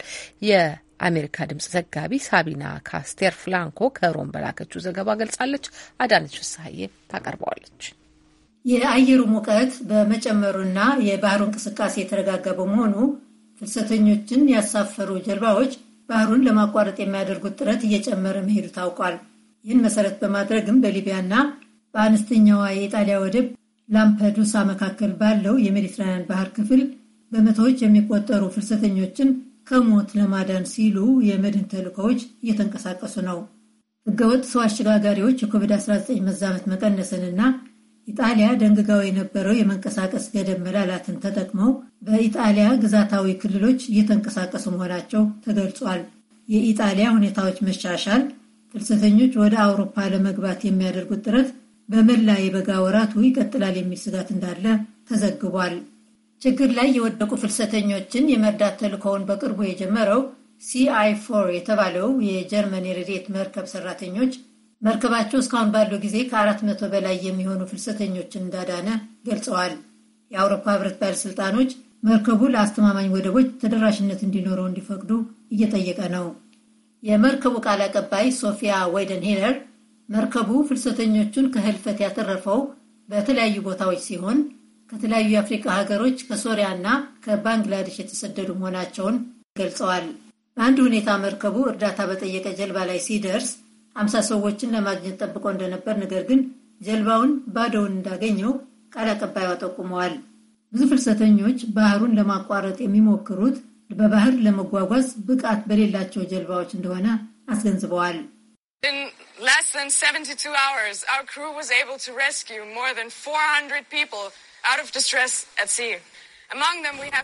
የአሜሪካ ድምጽ ዘጋቢ ሳቢና ካስቴር ፍላንኮ ከሮም በላከችው ዘገባ ገልጻለች። አዳነች ፍስሀዬ ታቀርበዋለች። የአየሩ ሙቀት በመጨመሩና የባህሩ እንቅስቃሴ የተረጋጋ በመሆኑ ፍልሰተኞችን ያሳፈሩ ጀልባዎች ባህሩን ለማቋረጥ የሚያደርጉት ጥረት እየጨመረ መሄዱ ታውቋል። ይህን መሰረት በማድረግም በሊቢያና በአነስተኛዋ የኢጣሊያ ወደብ ላምፐዱሳ መካከል ባለው የሜዲትራንያን ባህር ክፍል በመቶዎች የሚቆጠሩ ፍልሰተኞችን ከሞት ለማዳን ሲሉ የመድን ተልእኮዎች እየተንቀሳቀሱ ነው። ህገወጥ ሰው አሸጋጋሪዎች የኮቪድ-19 መዛመት መቀነስንና ኢጣሊያ ደንግጋው የነበረው የመንቀሳቀስ ገደብ መላላትን ተጠቅመው በኢጣሊያ ግዛታዊ ክልሎች እየተንቀሳቀሱ መሆናቸው ተገልጿል። የኢጣሊያ ሁኔታዎች መሻሻል ፍልሰተኞች ወደ አውሮፓ ለመግባት የሚያደርጉት ጥረት በመላ የበጋ ወራቱ ይቀጥላል የሚል ስጋት እንዳለ ተዘግቧል። ችግር ላይ የወደቁ ፍልሰተኞችን የመርዳት ተልእኮውን በቅርቡ የጀመረው ሲአይ ፎር የተባለው የጀርመን የረድኤት መርከብ ሰራተኞች መርከባቸው እስካሁን ባለው ጊዜ ከአራት መቶ በላይ የሚሆኑ ፍልሰተኞችን እንዳዳነ ገልጸዋል። የአውሮፓ ህብረት ባለሥልጣኖች መርከቡ ለአስተማማኝ ወደቦች ተደራሽነት እንዲኖረው እንዲፈቅዱ እየጠየቀ ነው። የመርከቡ ቃል አቀባይ ሶፊያ ወይደን ሄለር መርከቡ ፍልሰተኞቹን ከህልፈት ያተረፈው በተለያዩ ቦታዎች ሲሆን ከተለያዩ የአፍሪካ ሀገሮች ከሶሪያ እና ከባንግላዴሽ የተሰደዱ መሆናቸውን ገልጸዋል። በአንድ ሁኔታ መርከቡ እርዳታ በጠየቀ ጀልባ ላይ ሲደርስ አምሳ ሰዎችን ለማግኘት ጠብቆ እንደነበር ነገር ግን ጀልባውን ባዶውን እንዳገኘው ቃል አቀባይዋ ጠቁመዋል። ብዙ ፍልሰተኞች ባህሩን ለማቋረጥ የሚሞክሩት በባህር ለመጓጓዝ ብቃት በሌላቸው ጀልባዎች እንደሆነ አስገንዝበዋል።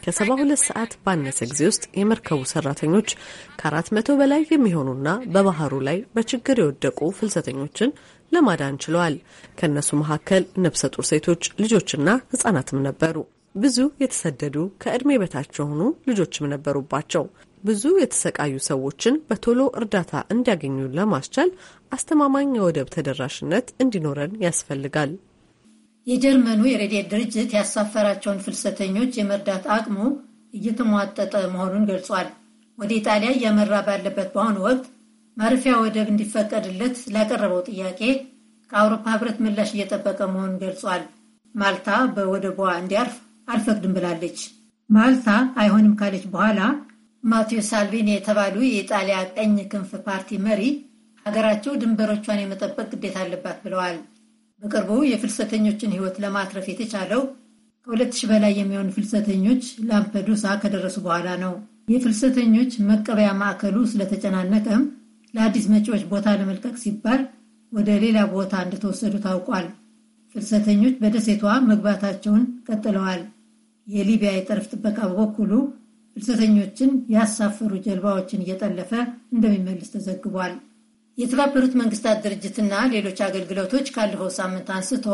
ከሰባ ሁለት ሰዓት ባነሰ ጊዜ ውስጥ የመርከቡ ሰራተኞች ከአራት መቶ በላይ የሚሆኑና በባህሩ ላይ በችግር የወደቁ ፍልሰተኞችን ለማዳን ችለዋል። ከእነሱ መካከል ነፍሰ ጡር ሴቶች፣ ልጆችና ህጻናትም ነበሩ። ብዙ የተሰደዱ ከዕድሜ በታች የሆኑ ልጆችም ነበሩባቸው። ብዙ የተሰቃዩ ሰዎችን በቶሎ እርዳታ እንዲያገኙ ለማስቻል አስተማማኝ የወደብ ተደራሽነት እንዲኖረን ያስፈልጋል የጀርመኑ የረድኤት ድርጅት ያሳፈራቸውን ፍልሰተኞች የመርዳት አቅሙ እየተሟጠጠ መሆኑን ገልጿል። ወደ ኢጣሊያ እያመራ ባለበት በአሁኑ ወቅት ማረፊያ ወደብ እንዲፈቀድለት ላቀረበው ጥያቄ ከአውሮፓ ሕብረት ምላሽ እየጠበቀ መሆኑን ገልጿል። ማልታ በወደቧ እንዲያርፍ አልፈቅድም ብላለች። ማልታ አይሆንም ካለች በኋላ ማቴዎ ሳልቪኒ የተባሉ የኢጣሊያ ቀኝ ክንፍ ፓርቲ መሪ ሀገራቸው ድንበሮቿን የመጠበቅ ግዴታ አለባት ብለዋል። በቅርቡ የፍልሰተኞችን ሕይወት ለማትረፍ የተቻለው ከሁለት ሺህ በላይ የሚሆኑ ፍልሰተኞች ላምፐዱሳ ከደረሱ በኋላ ነው። የፍልሰተኞች መቀበያ ማዕከሉ ስለተጨናነቀም ለአዲስ መጪዎች ቦታ ለመልቀቅ ሲባል ወደ ሌላ ቦታ እንደተወሰዱ ታውቋል። ፍልሰተኞች በደሴቷ መግባታቸውን ቀጥለዋል። የሊቢያ የጠረፍ ጥበቃ በበኩሉ ፍልሰተኞችን ያሳፈሩ ጀልባዎችን እየጠለፈ እንደሚመልስ ተዘግቧል። የተባበሩት መንግስታት ድርጅትና ሌሎች አገልግሎቶች ካለፈው ሳምንት አንስቶ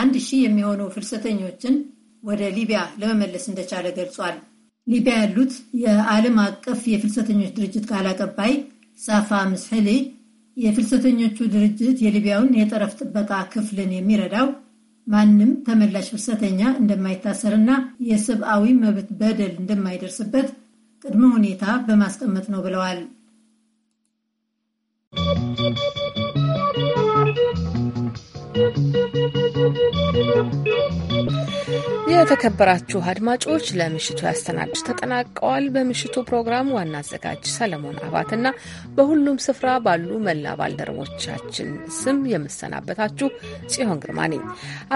አንድ ሺህ የሚሆኑ ፍልሰተኞችን ወደ ሊቢያ ለመመለስ እንደቻለ ገልጿል። ሊቢያ ያሉት የዓለም አቀፍ የፍልሰተኞች ድርጅት ቃል አቀባይ ሳፋ ምስሕሊ የፍልሰተኞቹ ድርጅት የሊቢያውን የጠረፍ ጥበቃ ክፍልን የሚረዳው ማንም ተመላሽ ፍልሰተኛ እንደማይታሰርና የሰብአዊ መብት በደል እንደማይደርስበት ቅድመ ሁኔታ በማስቀመጥ ነው ብለዋል። Thank you. የተከበራችሁ አድማጮች ለምሽቱ ያስተናዱት ተጠናቀዋል። በምሽቱ ፕሮግራም ዋና አዘጋጅ ሰለሞን አባትና በሁሉም ስፍራ ባሉ መላ ባልደረቦቻችን ስም የምሰናበታችሁ ጽዮን ግርማ ነኝ።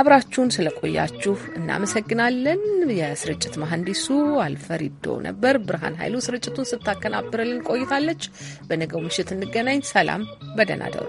አብራችሁን ስለቆያችሁ እናመሰግናለን። የስርጭት መሐንዲሱ አልፈሪዶ ነበር። ብርሃን ኃይሉ ስርጭቱን ስታከናብርልን ቆይታለች። በነገው ምሽት እንገናኝ። ሰላም፣ በደህና ደሩ።